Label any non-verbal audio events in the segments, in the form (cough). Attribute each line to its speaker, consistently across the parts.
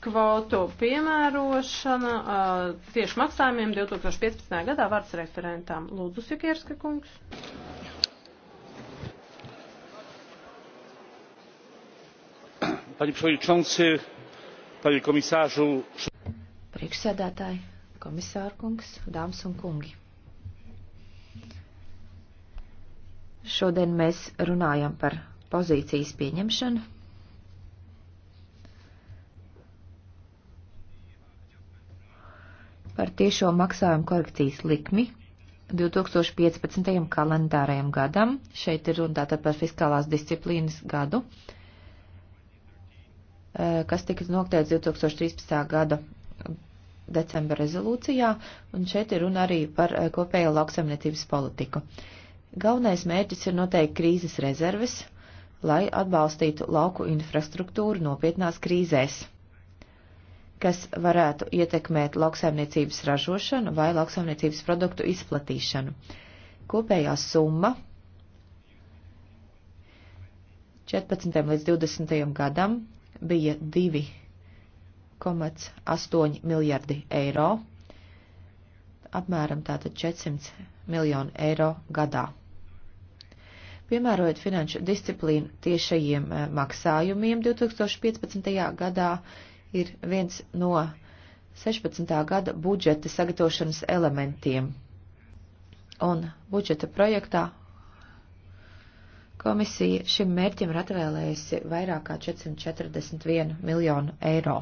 Speaker 1: kvotu piemērošana uh, tieši maksājumiem 2015. gadā vārds referentām. Lūdzu, Sikierska kungs.
Speaker 2: Panie przewodniczący, panie komisarzu. Priekšsēdētāji, komisārkungs, dāmas un kungi. Šodien mēs runājam par pozīcijas pieņemšanu par tiešo maksājumu korekcijas likmi 2015. kalendārajam gadam. Šeit ir runa tātad par fiskālās disciplīnas gadu, eh, kas tika noktēts 2013. gada decembra rezolūcijā, un šeit ir runa arī par eh, kopējo lauksaimniecības politiku. Galvenais mērķis ir noteikti krīzes rezerves, lai atbalstītu lauku infrastruktūru nopietnās krīzēs kas varētu ietekmēt lauksaimniecības ražošanu vai lauksaimniecības produktu izplatīšanu. Kopējā summa 14. līdz 20. gadam bija 2,8 miljardi eiro, apmēram tātad 400 miljonu eiro gadā. Piemērojot finanšu disciplīnu tiešajiem eh, maksājumiem 2015. gadā, ir viens no 16. gada budžeta sagatavošanas elementiem. Un budžeta projektā komisija šim mērķim ir atvēlējusi vairāk kā 441 miljonu eiro.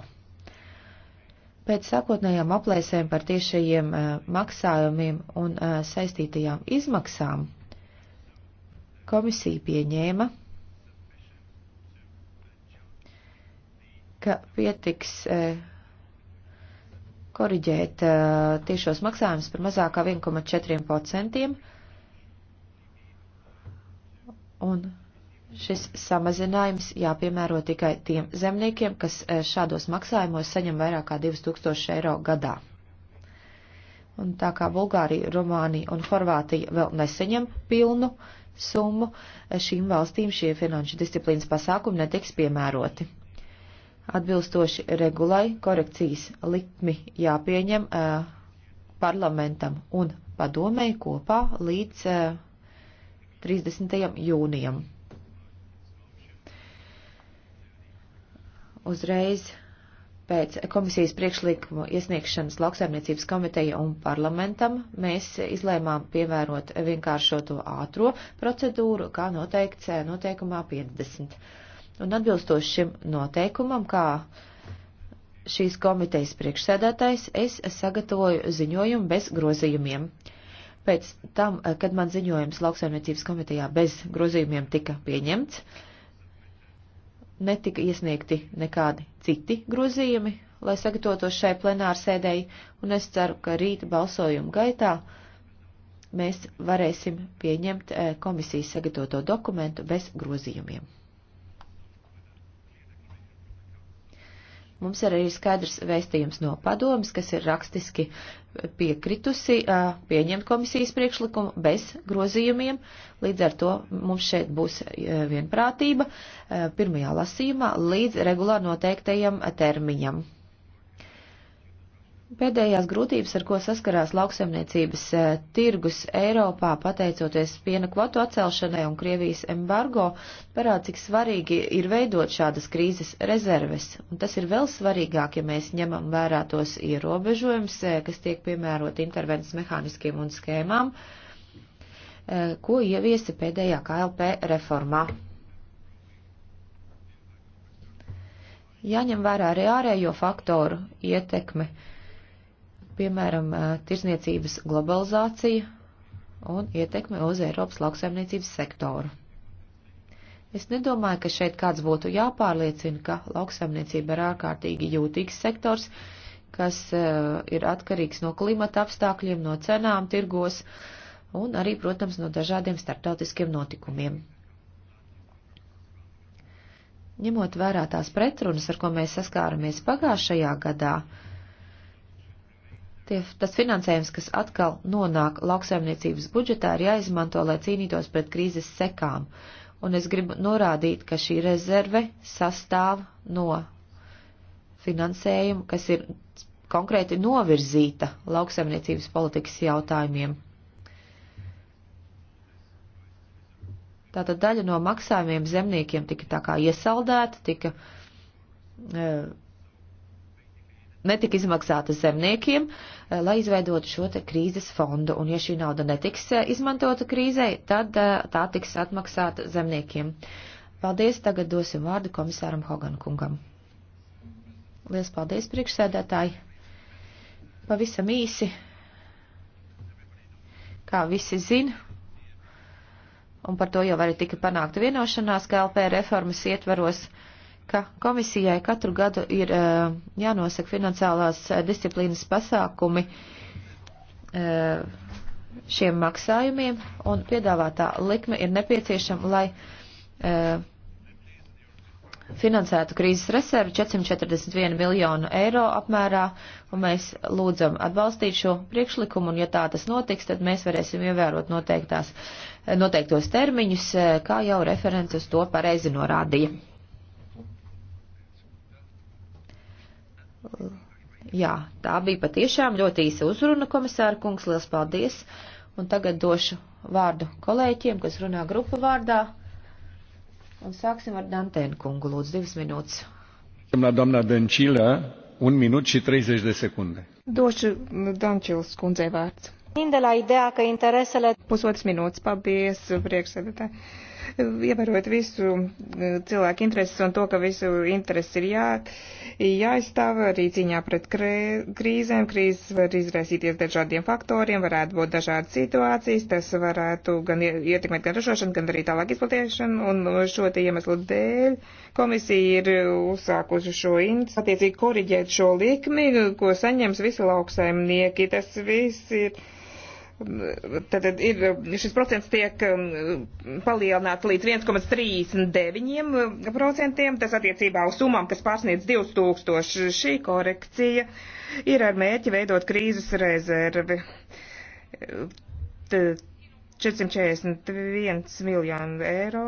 Speaker 2: Pēc sākotnējām aplēsēm par tiešajiem eh, maksājumiem un eh, saistītajām izmaksām komisija pieņēma ka pietiks e, koriģēt e, tiešos maksājumus par mazākā 1,4%, un šis samazinājums jāpiemēro tikai tiem zemniekiem, kas e, šādos maksājumos saņem vairāk kā 2000 eiro gadā. Un tā kā Bulgārija, Rumānija un Horvātija vēl neseņem pilnu summu, šīm valstīm šie finanšu disciplīnas pasākumi netiks piemēroti. Atbilstoši regulai korekcijas likmi jāpieņem uh, parlamentam un padomēji kopā līdz uh, 30. jūnijam. Uzreiz pēc komisijas priekšlikuma iesniegšanas lauksaimniecības komiteja un parlamentam mēs izlēmām pievērot vienkāršoto ātro procedūru, kā noteikts noteikumā 50. Un atbilstoši šim noteikumam, kā šīs komitejas priekšsēdētājs, es sagatavoju ziņojumu bez grozījumiem. Pēc tam, kad man ziņojums lauksaimniecības komitejā bez grozījumiem tika pieņemts, netika iesniegti nekādi citi grozījumi, lai sagatavotos šai plenārsēdēji, un es ceru, ka rīta balsojuma gaitā mēs varēsim pieņemt eh, komisijas sagatavoto dokumentu bez grozījumiem. Mums ir arī skaidrs vēstījums no padomas, kas ir rakstiski piekritusi pieņemt komisijas priekšlikumu bez grozījumiem. Līdz ar to mums šeit būs vienprātība pirmajā lasījumā līdz regulāri noteiktajam termiņam. Pēdējās grūtības, ar ko saskarās lauksaimniecības eh, tirgus Eiropā, pateicoties piena kvotu atcelšanai un Krievijas embargo, parāda, cik svarīgi ir veidot šādas krīzes rezerves. Un tas ir vēl svarīgāk, ja mēs ņemam vērā tos ierobežojums, eh, kas tiek piemēroti intervences mehāniskiem un skēmām, eh, ko ieviesa pēdējā KLP reformā. Jāņem vērā arī ārējo faktoru ietekme piemēram, tirzniecības globalizācija un ietekme uz Eiropas lauksaimniecības sektoru. Es nedomāju, ka šeit kāds būtu jāpārliecina, ka lauksaimniecība ir ārkārtīgi jūtīgs sektors, kas uh, ir atkarīgs no klimata apstākļiem, no cenām tirgos un arī, protams, no dažādiem starptautiskiem notikumiem. Ņemot vērā tās pretrunas, ar ko mēs saskāramies pagājušajā gadā, uh, Tie, tas finansējums, kas atkal nonāk lauksaimniecības budžetā, ir jāizmanto, lai cīnītos pret krīzes sekām. Un es gribu norādīt, ka šī rezerve sastāv no finansējuma, kas ir konkrēti novirzīta lauksaimniecības politikas jautājumiem. Tātad daļa no maksājumiem zemniekiem tika tā kā iesaldēta, tika. Uh, netika izmaksāta zemniekiem, uh, Eh, lai izveidotu šo te krīzes fondu, un ja šī nauda netiks eh, izmantota krīzei, tad eh, tā tiks atmaksāta zemniekiem. Paldies, tagad dosim vārdu komisāram Hogankungam. Lielas paldies, priekšsēdētāji. Pavisam īsi, kā visi zina, un par to jau arī tika panākta vienošanās KLP reformas ietvaros. Uh, ka komisijai katru gadu ir eh, jānosaka finansiālās eh, disciplīnas pasākumi eh, šiem maksājumiem, un piedāvātā likme ir nepieciešama, lai finansētu krīzes reservi 441 miljonu eiro apmērā, un mēs lūdzam atbalstīt šo priekšlikumu, un ja tā tas notiks, tad mēs varēsim ievērot noteiktās, noteiktos termiņus, kā jau referents uz to pareizi norādīja. Jā, tā bija patiešām ļoti īsa uzruna, komisāra kungs, liels paldies. Un tagad došu vārdu kolēķiem, kas runā grupu vārdā. Un sāksim ar Dantēnu kungu, lūdzu, divas minūtes.
Speaker 1: Domnā Dančila, un minūte și 30 de secunde.
Speaker 3: Došu Dančils kundzei vārds. Pusotras minūtes, paldies, priekšsēdētāji ievērot visu eh, cilvēku intereses un to, ka visu interesi ir jā, jāizstāv arī cīņā pret krē, krīzēm. Krīzes var izraisīties dažādiem faktoriem, varētu būt dažādas situācijas, tas varētu gan ietekmēt gan ražošanu, gan arī tālāk izplatīšanu, un šo te iemeslu dēļ komisija ir uzsākusi šo iniciatīvu, attiecīgi koriģēt šo likmi, ko saņems visi lauksaimnieki. Tas viss ir Tad ir, šis procents tiek um, palielināts līdz 1,39%. Tas attiecībā uz summām, kas pārsniedz 2000. Šī korekcija ir ar mērķi veidot krīzes rezervi. 441 miljonu eiro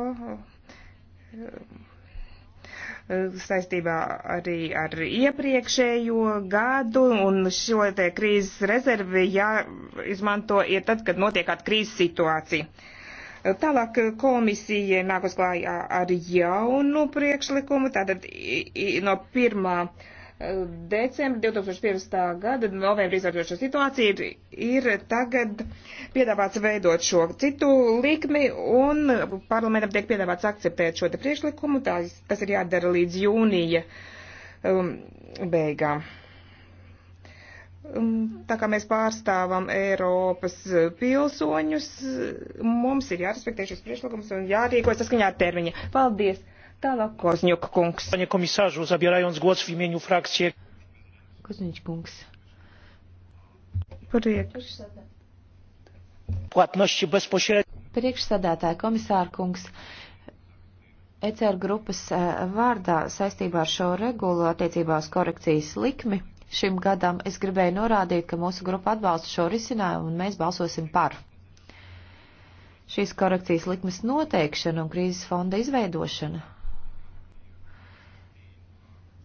Speaker 3: Eh, saistībā arī ar iepriekšējo gadu, un šo te krīzes rezervi jāizmanto ir tad, kad notiek kāda krīzes situācija. Eh, tālāk eh, komisija nāk uz klājā ar jaunu priekšlikumu, tātad no pirmā. Uh, decembra 2015. gada novembrī izvērtošo situāciju ir, ir tagad piedāvāts veidot šo citu likmi un parlamentam tiek piedāvāts akceptēt šo te priekšlikumu. Tās, tas ir jādara līdz jūnija um, beigām. Um, tā kā mēs pārstāvam Eiropas pilsoņus, mums ir jārespektē šis priekšlikums un jārīkojas saskaņā ar termiņa. Paldies! Tālāk Kozņuk kungs. Panie komisāžu, zabierājot gods v imieniu frakcie.
Speaker 2: Kozņuk kungs. Priekš. Platnošķi bezpošēd. Priekšsādātāja komisāra kungs. ECR grupas e, vārdā saistībā ar šo regulu attiecībā uz korekcijas likmi šim gadam es gribēju norādīt, ka mūsu grupa atbalsta šo risinājumu un mēs balsosim par šīs korekcijas likmes noteikšana un krīzes fonda izveidošana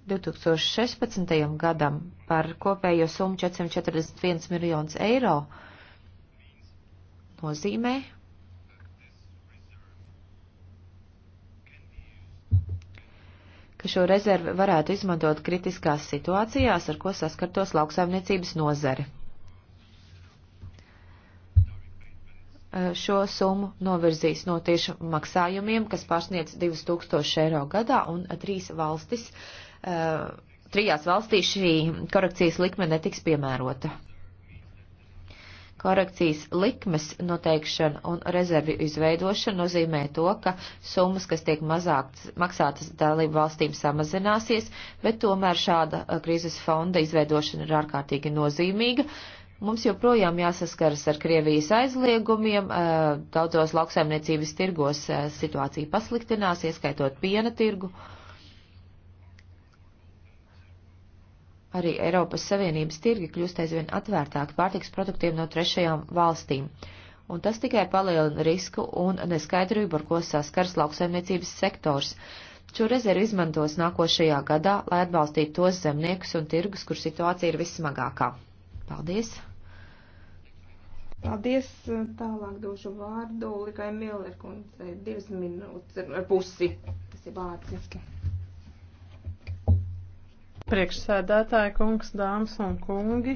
Speaker 2: 2016. gadam par kopējo summu 441 miljonus eiro nozīmē, ka šo rezervi varētu izmantot kritiskās situācijās, ar ko saskartos lauksaimniecības nozari. Šo summu novirzīs no tieši maksājumiem, kas pārsniedz 2000 eiro gadā, un trīs valstis uh, Eh, trijās valstīs šī korekcijas likme netiks piemērota. Korekcijas likmes noteikšana un rezervi izveidošana nozīmē to, ka summas, kas tiek mazāktas, maksātas dalību valstīm, samazināsies, bet tomēr šāda eh, krīzes fonda izveidošana ir ārkārtīgi nozīmīga. Mums joprojām jāsaskaras ar Krievijas aizliegumiem, eh, daudzos lauksaimniecības tirgos situācija pasliktinās, ieskaitot piena tirgu. Uh, Arī Eiropas Savienības tirgi kļūst aizvien atvērtāki pārtiks produktiem no trešajām valstīm, un tas tikai palielina risku un neskaidrību, ar ko saskars lauksaimniecības sektors. Šo rezervu izmantos nākošajā gadā, lai atbalstītu tos zemniekus un tirgus, kur situācija ir vissmagākā. Paldies!
Speaker 3: Paldies! Tālāk došu vārdu Likai Millerkundzei. Divas minūtes ar pusi. Tas ir vārds.
Speaker 1: Priekšsēdētāja kungs, dāmas un kungi,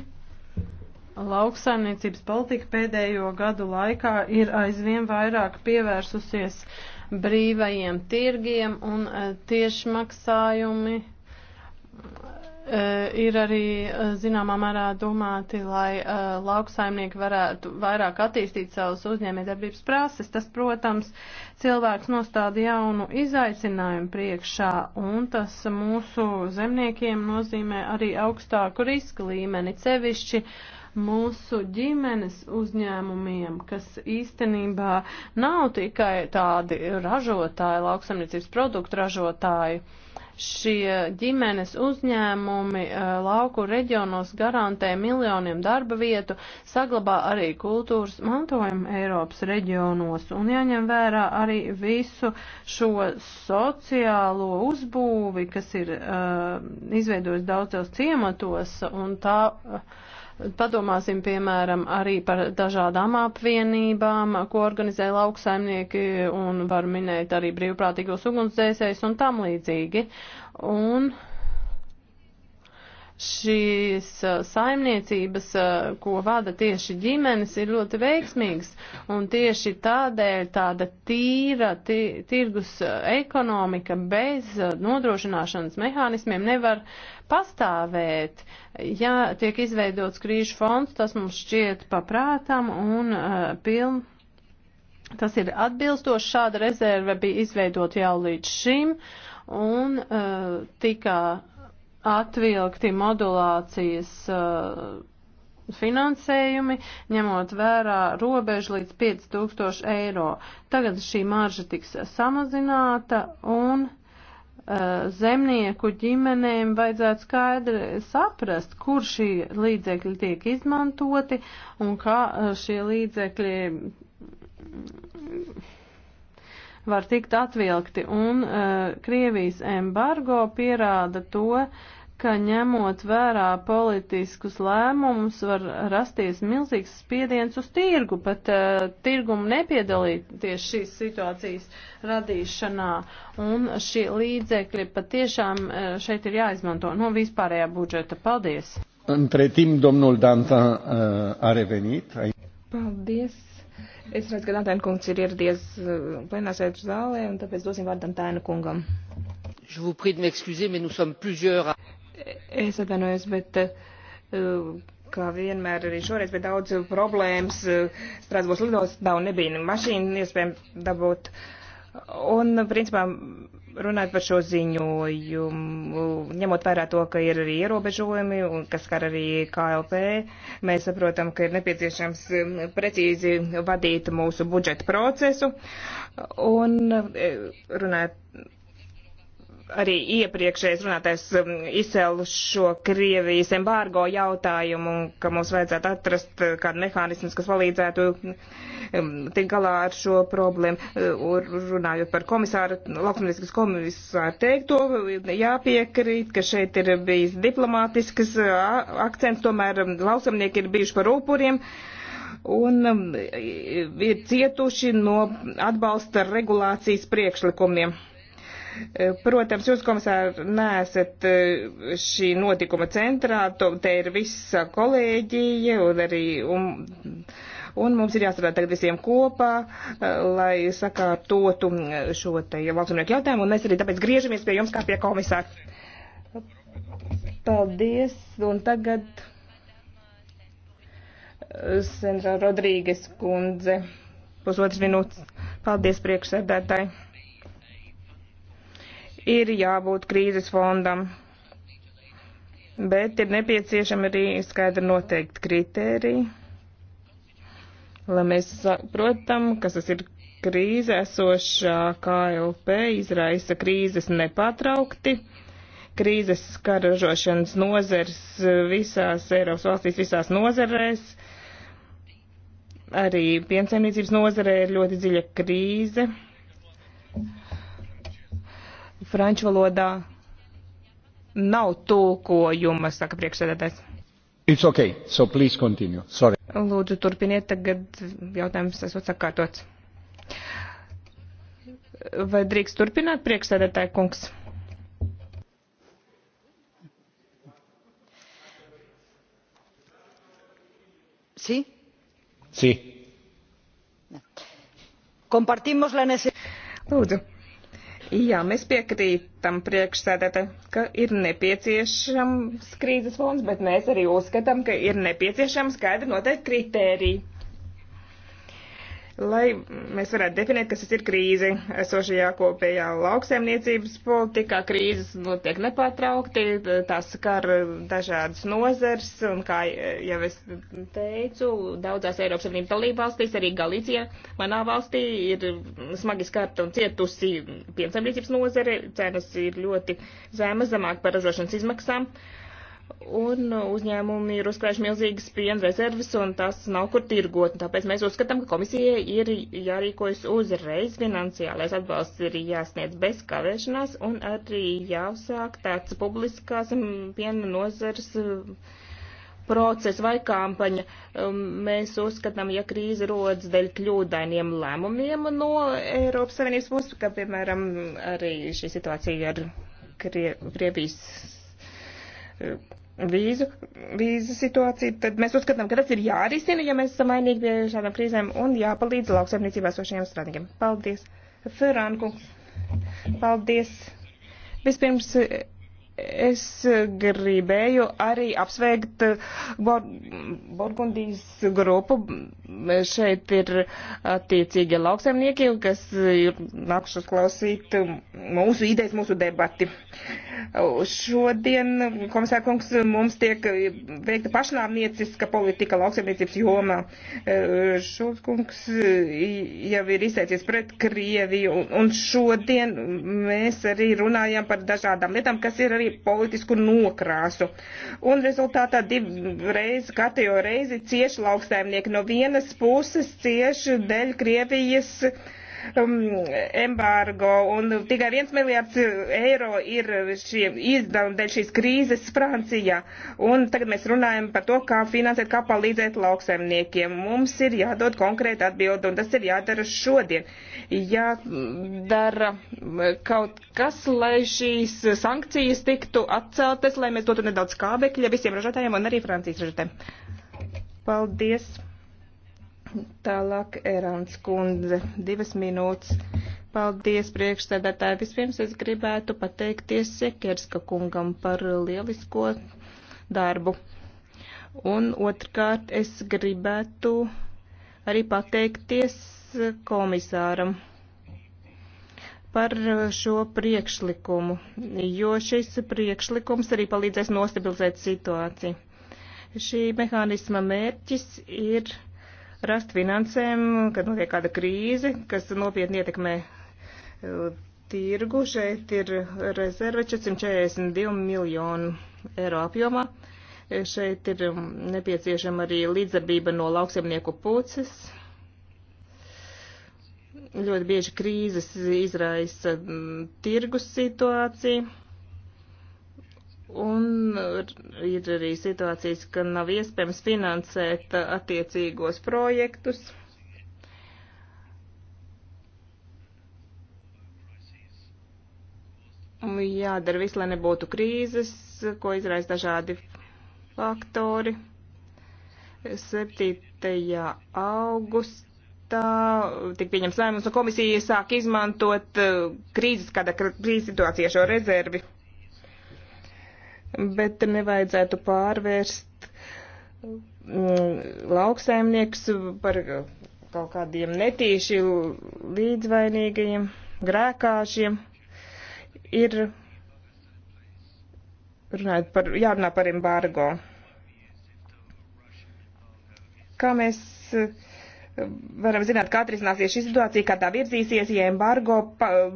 Speaker 1: lauksaimniecības politika pēdējo gadu laikā ir aizvien vairāk pievērsusies brīvajiem tirgiem un eh, tiešmaksājumi Eh, ir arī eh, zināmā mērā domāti, lai eh, lauksaimnieki varētu vairāk attīstīt savus uzņēmējdarbības prāses. Tas, protams, cilvēks nostāda jaunu izaicinājumu priekšā, un tas mūsu zemniekiem nozīmē arī augstāku riska līmeni, cevišķi mūsu ģimenes uzņēmumiem, kas īstenībā nav tikai tādi ražotāji, lauksaimniecības produktu ražotāji. Uh, Šie ģimenes uzņēmumi eh, lauku reģionos garantē miljoniem darba vietu, saglabā arī kultūras mantojumu Eiropas reģionos un jāņem vērā arī visu šo sociālo uzbūvi, kas ir uh, izveidojis daudzos ciematos un tā. Uh, Padomāsim, piemēram, arī par dažādām apvienībām, ko organizē lauksaimnieki un var minēt arī brīvprātīgos ugunsdzēsējus un tam līdzīgi. Un uh, šīs uh, saimniecības, uh, ko vada tieši ģimenes, ir ļoti veiksmīgas. Un tieši tādēļ tāda tīra tī, tirgus uh, ekonomika bez nodrošināšanas mehānismiem nevar pastāvēt. Ja tiek izveidots krīžu fonds, tas mums šķiet paprātam un uh, piln. Tas ir atbilstoši, šāda rezerve bija izveidota jau līdz šim un uh, tika atvilkti modulācijas uh, finansējumi, ņemot vērā robežu līdz 5000 eiro. Tagad šī marža tiks samazināta un uh, zemnieku ģimenēm vajadzētu skaidri saprast, kur šī līdzekļi tiek izmantoti un kā uh, šie līdzekļi var tikt atvilkti. Un uh, Krievijas embargo pierāda to, ka ņemot vērā politiskus lēmumus var rasties milzīgs spiediens uz tirgu, pat uh, eh, tirgumu nepiedalīties šīs situācijas radīšanā. Un šie līdzekļi patiešām uh, šeit ir jāizmanto no vispārējā budžeta. Paldies! Între timp, domnul Danta uh, a revenit.
Speaker 3: Paldies! Es redzu, ka Dantēna kungs ir ieradies uh, plenārsēdus zālē, un tāpēc dosim vārdu Dantēna kungam. Es atvainojos, bet uh, kā vienmēr arī šoreiz bija daudz problēmas. Uh, Strasbūs lidos nav nebija mašīna, iespējams dabūt. Un, principā, runāt par šo ziņojumu, ņemot vērā to, ka ir arī ierobežojumi, kas skar arī KLP, mēs saprotam, ka ir nepieciešams um, precīzi vadīt mūsu budžeta procesu un eh, runāt arī iepriekšējais runātais um, izcēlu šo Krievijas embargo jautājumu, ka mums vajadzētu atrast uh, kādu mehānismus, kas palīdzētu um, tikt galā ar šo problēmu. Uh, runājot par komisāru, lauksimniecības komisāru teikto, jāpiekrīt, ka šeit ir bijis diplomātisks uh, akcents, tomēr um, lauksimnieki ir bijuši par upuriem un ir cietuši no atbalsta regulācijas priekšlikumiem. Protams, jūs, komisāri, neesat eh, šī notikuma centrā, to, te ir visa kolēģija un arī. Un, un mums ir jāstrādā tagad visiem kopā, eh, lai sakārtotu eh, šo te valstsnieku jautājumu, un mēs arī tāpēc griežamies pie jums kā pie komisāra. Paldies, un tagad Senra Rodrīgas kundze, pusotras minūtes. Paldies priekšsēdētāji ir jābūt krīzes fondam, bet ir nepieciešami arī skaidri noteikti kritēriji, lai mēs saprotam, kas tas ir krīze esošā KLP izraisa krīzes nepatraukti. Krīzes skaražošanas nozars visās Eiropas valstīs, visās nozarēs. Arī piensaimniecības nozarē ir ļoti dziļa krīze franču valodā nav tulkojuma, saka priekšsēdētājs. It's okay, so please continue. Sorry. Lūdzu, turpiniet, tagad jautājums esot sakārtots. Vai drīkst turpināt, priekšsēdētāja kungs? Sí? Sí. Compartimos la necesidad. Lūdzu Jā, mēs piekrītam priekšsēdētā, ka ir nepieciešams krīzes fonds, bet mēs arī uzskatām, ka ir nepieciešams skaidri noteikti kritēriji lai mēs varētu definēt, kas tas ir krīze esošajā kopējā lauksaimniecības politikā. Krīzes notiek nepārtraukti, tās skar dažādas nozars, un kā jau es teicu, daudzās Eiropas Savienības dalībvalstīs, arī Galicija manā valstī ir smagi skarta un cietusi piensaimniecības nozare, cenas ir ļoti zemas, zemāk par ražošanas izmaksām. Uh, un uzņēmumi ir uzkrājuši milzīgas piena rezerves, un tas nav kur tirgot. Tāpēc mēs uzskatām, ka komisijai ir jārīkojas uzreiz, finansiālais atbalsts ir jāsniedz bez kavēšanās, un arī jāuzsāk tāds publiskās mm, piena nozars mm, process vai kampaņa. Mm, mēs uzskatām, ja krīze rodas dēļ kļūdainiem lēmumiem no Eiropas Savienības puses, ka, piemēram, arī šī situācija ar Krievijas vīzu, vīzu situāciju, tad mēs uzskatām, ka tas ir jārisina, ja mēs esam vainīgi pie šādām krīzēm un jāpalīdz lauksaimniecībā sošajiem strādniekiem. Paldies, Ferānku. Paldies. Vispirms es gribēju arī apsveikt eh, Bor Borgundijas grupu. Šeit ir attiecīgie lauksaimnieki, kas ir nākušas klausīt mūsu idejas, mūsu debati. Uh, Šodien, komisāra kungs, mums tiek veikta pašnāvnieciska politika lauksaimniecības jomā. Šulc kungs jau ir izteicies pret Krieviju, un šodien mēs arī runājam par dažādām lietām, kas ir arī politisku nokrāsu. Un rezultātā divreiz, katru reizi cieši lauksaimnieki no vienas puses cieši dēļ Krievijas. Uh, Um, embargo, un tikai viens miljārds eiro ir šie izdevumi dēļ šīs krīzes Francijā. Un tagad mēs runājam par to, kā finansēt, kā palīdzēt lauksaimniekiem. Mums ir jādod konkrēti atbildi, un tas ir jādara šodien. Jādara kaut kas, lai šīs sankcijas tiktu atceltas, lai mēs dotu nedaudz kābekļa visiem ražotājiem un arī Francijas ražotājiem. Paldies! Tālāk Erāns kundze, divas minūtes. Paldies priekšsēdētāji. Vispirms es gribētu pateikties Sekerska kungam par lielisko darbu. Un otrkārt es gribētu arī pateikties komisāram par šo priekšlikumu, jo šis priekšlikums arī palīdzēs nostabilizēt situāciju. Šī mehānisma mērķis ir rast finansējumu, kad notiek kāda krīze, kas nopietni ietekmē e, tirgu. Šeit ir rezerve 442 miljonu eiro apjomā. E, šeit ir nepieciešama arī līdzdarbība no lauksemnieku puses. Ļoti bieži krīzes izraisa tirgus situāciju Un ir arī situācijas, ka nav iespējams finansēt attiecīgos projektus. Jādara viss, lai nebūtu krīzes, ko izraisa dažādi faktori. 7. augustā tika pieņems lēmums, un komisija sāk izmantot eh, krīzes, kāda krīzes situācija šo rezervi bet nevajadzētu pārvērst mm, lauksaimnieks par kaut kādiem netīši līdzvainīgajiem grēkāšiem. Ir runājot par, jārunā par embargo. Kā mēs eh, varam zināt, kā atrisināsies šī situācija, kā tā virzīsies, ja embargo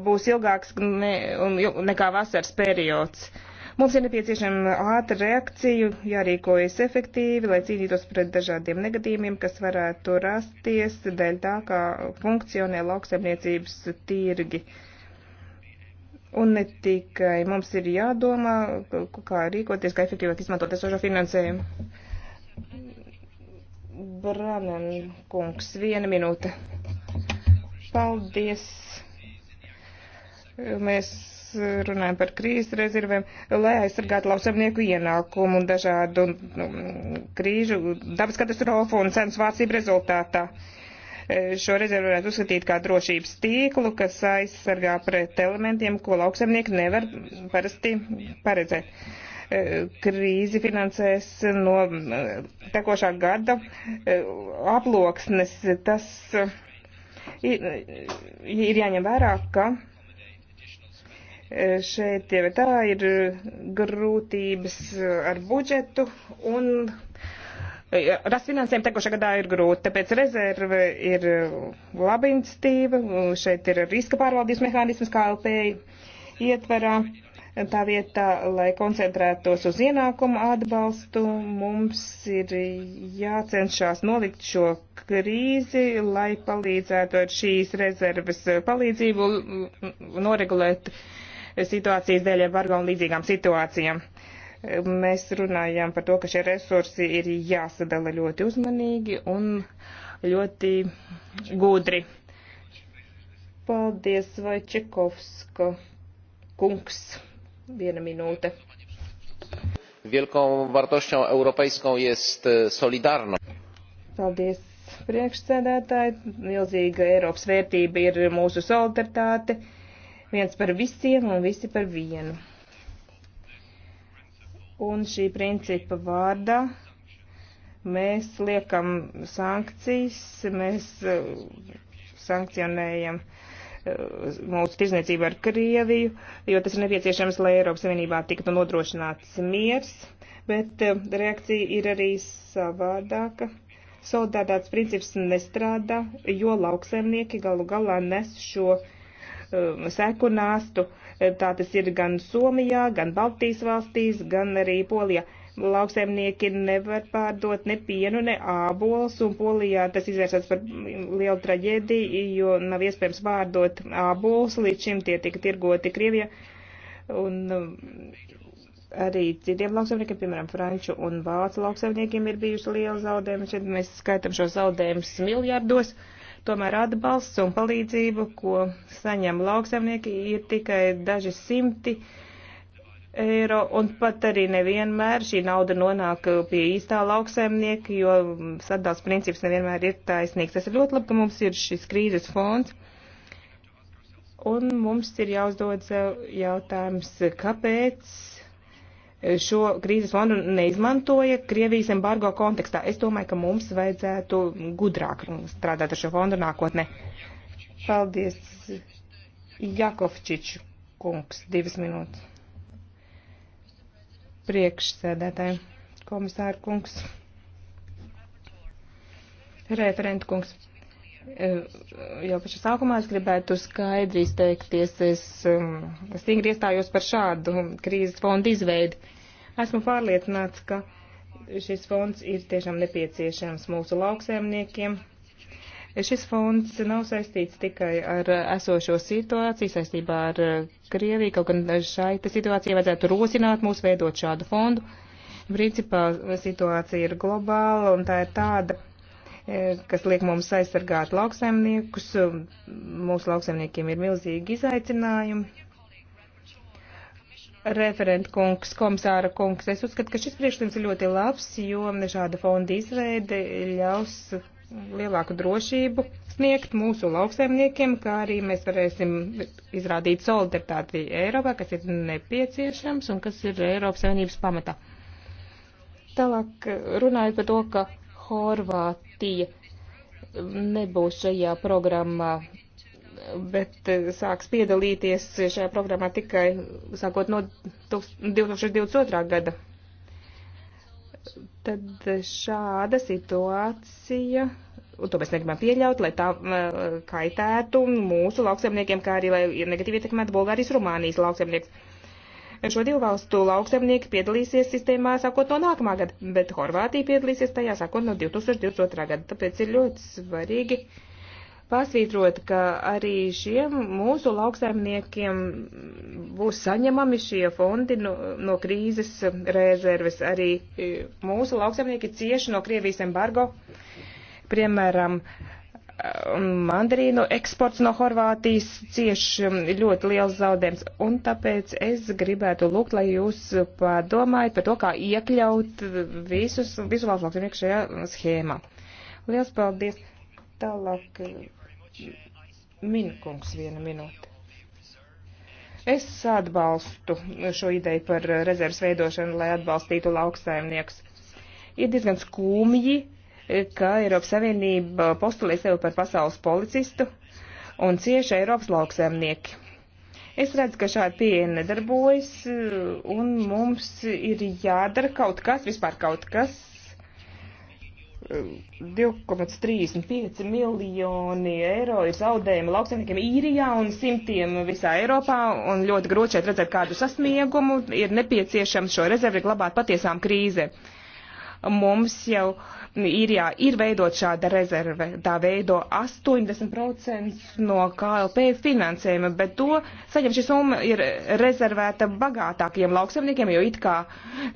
Speaker 3: būs ilgāks ne, un, nekā vasaras periods. Uh, Mums ir nepieciešama ātra reakcija, jārīkojas efektīvi, lai cīnītos pret dažādiem negadījumiem, kas varētu rasties dēļ tā, kā funkcionē lauksaimniecības tirgi. Un ne tikai mums ir jādomā, kā rīkoties, kā efektīvāk izmantot esošo finansējumu. Branan kungs, viena minūte. Paldies. Mēs runājam par krīzes rezervēm, lai aizsargātu lauksaimnieku ienākumu un dažādu nu, krīžu, dabas katastrofu un cenu svārstību rezultātā. E, šo rezervu varētu uzskatīt kā drošības tīklu, kas aizsargā pret elementiem, ko lauksaimnieki nevar parasti paredzēt e, krīzi finansēs no e, tekošā gada aploksnes. Tas ir jāņem vērā, ka Šeit jau tā ir grūtības ar budžetu un rast finansējumu tekošā gadā ir grūti, tāpēc rezerve ir laba institīva, šeit ir riska pārvaldības mehānisms KLP ietverā. Tā vietā, lai koncentrētos uz ienākumu atbalstu, mums ir jācenšas nolikt šo krīzi, lai palīdzētu ar šīs rezerves palīdzību noregulēt uh, situācijas dēļ embargo un līdzīgām situācijām. Mēs runājām par to, ka šie resursi ir jāsadala ļoti uzmanīgi un ļoti gudri. Paldies, vai Čekovska kungs. Viena minūte.
Speaker 2: Wielką wartością europejską jest e, solidarność.
Speaker 3: Paldies, priekšsēdētāji. Milzīga Eiropas vērtība ir mūsu solidaritāte viens par visiem un visi par vienu. Un šī principa vārdā mēs liekam sankcijas, mēs uh, sankcionējam uh, mūsu tirzniecību ar Krieviju, jo tas ir nepieciešams, lai Eiropas Savienībā tiktu nodrošināts miers, bet uh, reakcija ir arī savādāka. Soldātāts princips nestrādā, jo lauksaimnieki galu galā nes šo uh, Um, seku nāstu. Tā tas ir gan Somijā, gan Baltijas valstīs, gan arī Polijā. Lauksaimnieki nevar pārdot ne pienu, ne ābolus, un Polijā tas izvērsās par lielu traģēdiju, jo nav iespējams pārdot ābolus, līdz šim tie tika tirgoti Krievijā. Un um, arī citiem lauksaimniekiem, piemēram, franču un vācu lauksaimniekiem ir bijuši liela zaudējuma. Šeit mēs skaitām šo zaudējumus miljardos. Uh, Tomēr atbalsts un palīdzību, ko saņem lauksaimnieki, ir tikai daži simti eiro, un pat arī nevienmēr šī nauda nonāk pie īstā lauksaimnieka, jo sadals princips nevienmēr ir taisnīgs. Tas ir ļoti labi, ka mums ir šis krīzes fonds. Un mums ir jāuzdod jautājums, kāpēc šo krīzes fondu neizmantoja Krievijas embargo kontekstā. Es domāju, ka mums vajadzētu gudrāk strādāt ar šo fondu nākotnē. Paldies, Jakovčič kungs, divas minūtes. Priekšsēdētāji, komisāra kungs, referenta kungs. Jau pašā sākumā es gribētu skaidri izteikties. Um, es stingri iestājos par šādu krīzes fondu izveidi. Esmu pārliecināts, ka šis fonds ir tiešām nepieciešams mūsu lauksēmniekiem. Šis fonds nav saistīts tikai ar esošo situāciju saistībā ar Krieviju, kaut gan šai situācijai vajadzētu rosināt mūs veidot šādu fondu. Principā situācija ir globāla un tā ir tāda, E, kas liek mums aizsargāt lauksaimniekus. Mūsu lauksaimniekiem ir milzīgi izaicinājumi. Referent kungs, komisāra kungs, es uzskatu, ka šis priekšlikums ir ļoti labs, jo šāda fonda izveide ļaus lielāku drošību sniegt mūsu lauksaimniekiem, kā arī mēs varēsim izrādīt solidaritāti Eiropā, kas ir nepieciešams un kas ir Eiropas Savienības pamatā. Tālāk runājot par to, ka Horvāt partija nebūs šajā programmā, bet eh, sāks piedalīties šajā programmā tikai sākot no 2022. gada. Tad šāda situācija, un to mēs negribam pieļaut, lai tā eh, kaitētu mūsu lauksaimniekiem, kā arī lai negatīvi ietekmētu Bulgārijas Rumānijas lauksaimnieks Šo divu valstu lauksemnieki piedalīsies sistēmā sākot no nākamā gada, bet Horvātija piedalīsies tajā sākot no 2022. gada. Tāpēc ir ļoti svarīgi pasvītrot, ka arī šiem mūsu lauksaimniekiem būs saņemami šie fondi no, no krīzes rezerves. Arī e, mūsu lauksaimnieki cieši no Krievijas embargo. Piemēram, uh, mandarīnu eksports no Horvātijas cieš um, ļoti liels zaudējums, un tāpēc es gribētu lūgt, lai jūs padomājat par to, kā iekļaut visus, visu valsts lauksimnieku šajā schēmā. Liels paldies. Tālāk minkungs viena minūte. Es atbalstu šo ideju par rezerves veidošanu, lai atbalstītu lauksaimnieks. Ir diezgan skumji, ka Eiropas Savienība postulē sevi par pasaules policistu un cieši Eiropas lauksēmnieki. Es redzu, ka šāda pieeja nedarbojas, un mums ir jādara kaut kas, vispār kaut kas. 2,35 miljoni eiro ir zaudējumi lauksaimniekiem īrijā un simtiem visā Eiropā, un ļoti grūti šeit redzēt kādu sasniegumu, ir nepieciešams šo rezervi glabāt patiesām krīzēm mums jau īrijā ir veidot šāda rezerve. Tā veido 80% no KLP finansējuma, bet to saņem šī summa ir rezervēta bagātākiem lauksemniekiem, jo it kā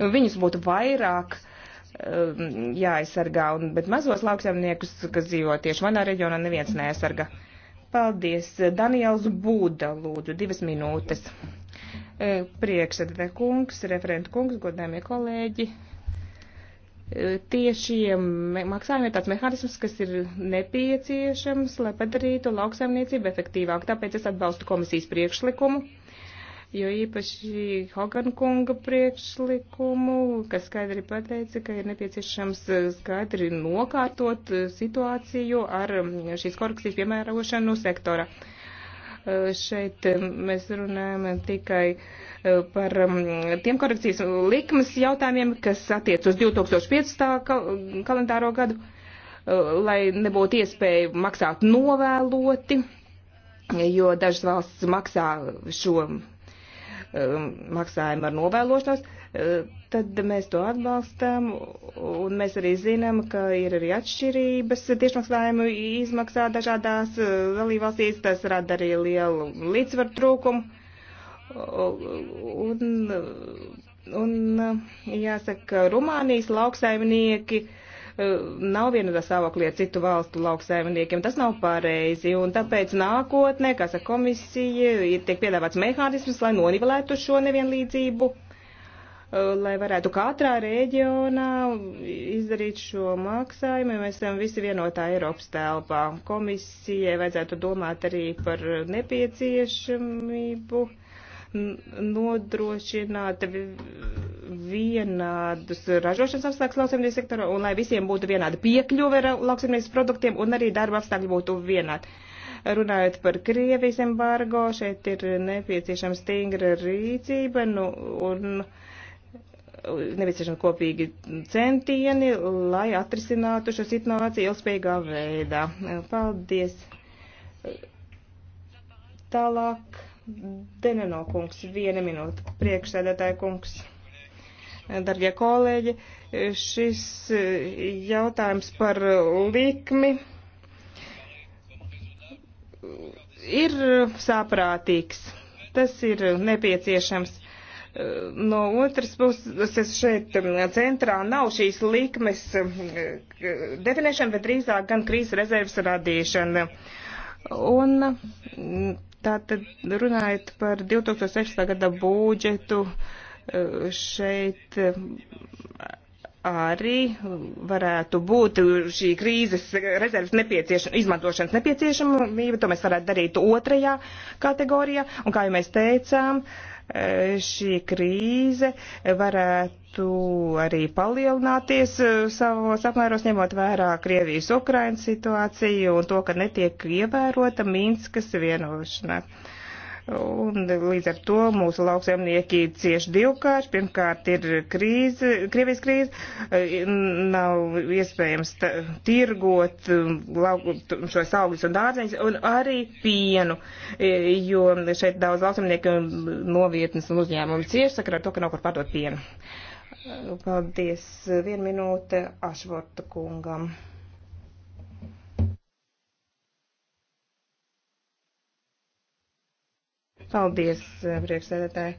Speaker 3: viņus būtu vairāk um, jāaizsargā, un, bet mazos lauksemniekus, kas dzīvo tieši manā reģionā, neviens neaizsargā. Paldies. Daniels Būda, lūdzu, divas minūtes. Priekšsēdētāj kungs, referenta kungs, godājumie kolēģi, tiešiem maksājumiem tāds mehānisms, kas ir nepieciešams, lai padarītu lauksaimniecību efektīvāku. Tāpēc es atbalstu komisijas priekšlikumu, jo īpaši Hogan kunga priekšlikumu, kas skaidri pateica, ka ir nepieciešams eh, skaidri nokārtot eh, situāciju ar mm, šīs korupcijas piemērošanu sektora. Uh, Eh, šeit eh, mēs runājam tikai eh, par mm, tiem korekcijas likmes jautājumiem, kas attiec uz 2015. kalendāro gadu, lai nebūtu iespēja maksāt novēloti, jo dažas valsts maksā šo Um, maksājumu ar novēlošanos, uh, tad mēs to atbalstam, un mēs arī zinām, ka ir arī atšķirības tiešmaksājumu izmaksā dažādās uh, dalībvalstīs, tas rada arī lielu līdzsvaru trūkumu. Un, un uh, jāsaka, Rumānijas lauksaimnieki uh, nav vienotā stāvoklī ar citu valstu lauksaimniekiem. Tas nav pareizi, un tāpēc nākotnē, kā saka komisija, ir tiek piedāvāts mehānisms, lai nonivelētu šo nevienlīdzību lai varētu katrā reģionā izdarīt šo maksājumu. Mēs esam visi vienotā Eiropas telpā. Komisijai vajadzētu domāt arī par nepieciešamību. Uh, nodrošināt vienādus ražošanas apstākļus lauksaimniecības sektorā un lai visiem būtu vienāda piekļuve lauksaimniecības produktiem un arī darba apstākļi būtu vienādi. Runājot par Krievijas embargo, šeit ir nepieciešama stingra rīcība nu, un nepieciešami kopīgi centieni, lai atrisinātu šo situāciju ilgspējīgā veidā. Paldies! Tālāk Deneno kungs, viena minūte, priekšsēdētāja kungs. Darbie kolēģi, šis eh, jautājums par likmi ir sāprātīgs. Tas ir nepieciešams. No otras puses šeit eh, centrā nav šīs likmes eh, definēšana, bet drīzāk gan krīzes rezerves radīšana. Un mm, Tātad runājot par 2016. gada budžetu, eh, šeit eh, arī varētu būt šī krīzes rezerves nepieciešam, izmantošanas nepieciešamība, to mēs varētu darīt otrajā kategorijā, un kā jau mēs teicām, eh, šī krīze varētu varētu arī palielināties eh, savos apmēros, ņemot vērā Krievijas Ukrainas situāciju un to, ka netiek ievērota Minskas vienošana. Un līdz ar to mūsu lauksaimnieki cieši divkārši. Pirmkārt ir krīze, Krievijas krīze, eh, nav iespējams tirgot um, šos augļus un dārzeņus, un arī pienu, eh, jo šeit daudz lauksaimnieku mm, novietnes un uzņēmumi cieši sakar ar to, ka nav kur pārdot pienu. Paldies. Vienu minūte Ašvorta kungam. Paldies, priekšsēdētāji.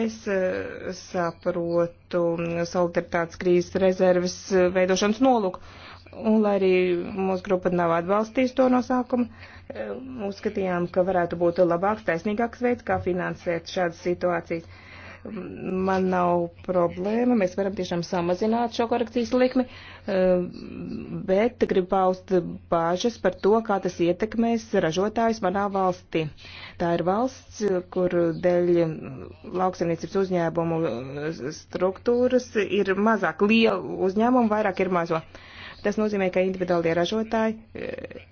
Speaker 3: Es eh, saprotu solidaritātes krīzes rezerves eh, veidošanas nolūku. Un, lai arī mūsu grupa nav atbalstījusi to no sākuma, eh, uzskatījām, ka varētu būt labāks, taisnīgāks veids, kā finansēt šādas situācijas man nav problēma. Mēs varam tiešām samazināt šo korekcijas likmi, eh, bet gribu paust bāžas par to, kā tas ietekmēs ražotājus manā valstī. Tā ir valsts, kur dēļ lauksaimniecības uzņēmumu struktūras ir mazāk lielu uzņēmumu, vairāk ir mazo. Uh, Tas nozīmē, ka individuālie ražotāji e,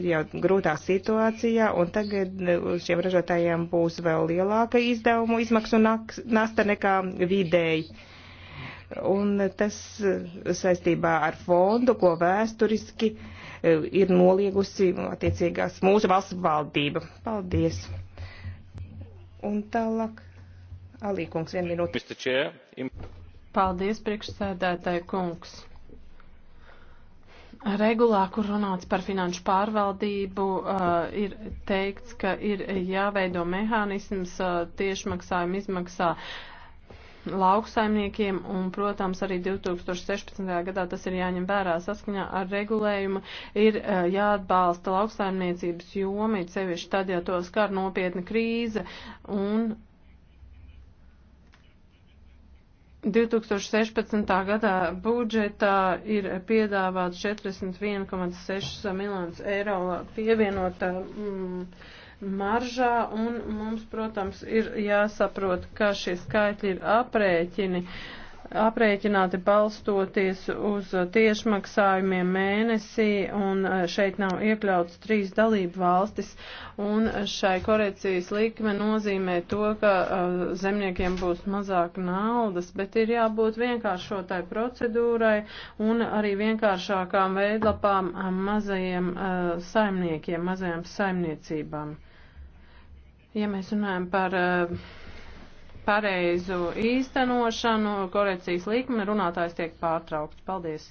Speaker 3: ir jau grūtā situācijā, un tagad e, šiem ražotājiem būs vēl lielāka izdevumu izmaksu nasta nekā vidēji. Un tas e, saistībā ar fondu, ko vēsturiski ir noliegusi attiecīgās mūsu valsts valdība. Paldies. Un tālāk. Alīkungs, vien minūte.
Speaker 1: Paldies, priekšsēdētāji kungs regulā, kur runāts par finanšu pārvaldību, uh, ir teikts, ka ir jāveido mehānisms uh, eh, tiešmaksājuma izmaksā lauksaimniekiem, un, protams, arī 2016. gadā tas ir jāņem vērā saskaņā ar regulējumu, ir uh, jāatbalsta lauksaimniecības jomi, sevišķi tad, ja to skar nopietna krīze, un 2016. gadā budžetā ir piedāvāts 41,6 miljonus eiro pievienotā. Mm, maržā, un mums, protams, ir jāsaprot, ka šie skaitļi ir aprēķini, aprēķināti balstoties uz tiešmaksājumiem mēnesī, un e, šeit nav iekļauts trīs dalību valstis, un šai korekcijas likme nozīmē to, ka e, zemniekiem būs mazāk naudas, bet ir jābūt vienkāršotai procedūrai un arī vienkāršākām veidlapām e, mazajiem saimniekiem, mazajām saimniecībām. Ja mēs runājam par uh, pareizu īstenošanu, korekcijas līkuma runātājs tiek pārtraukts. Paldies.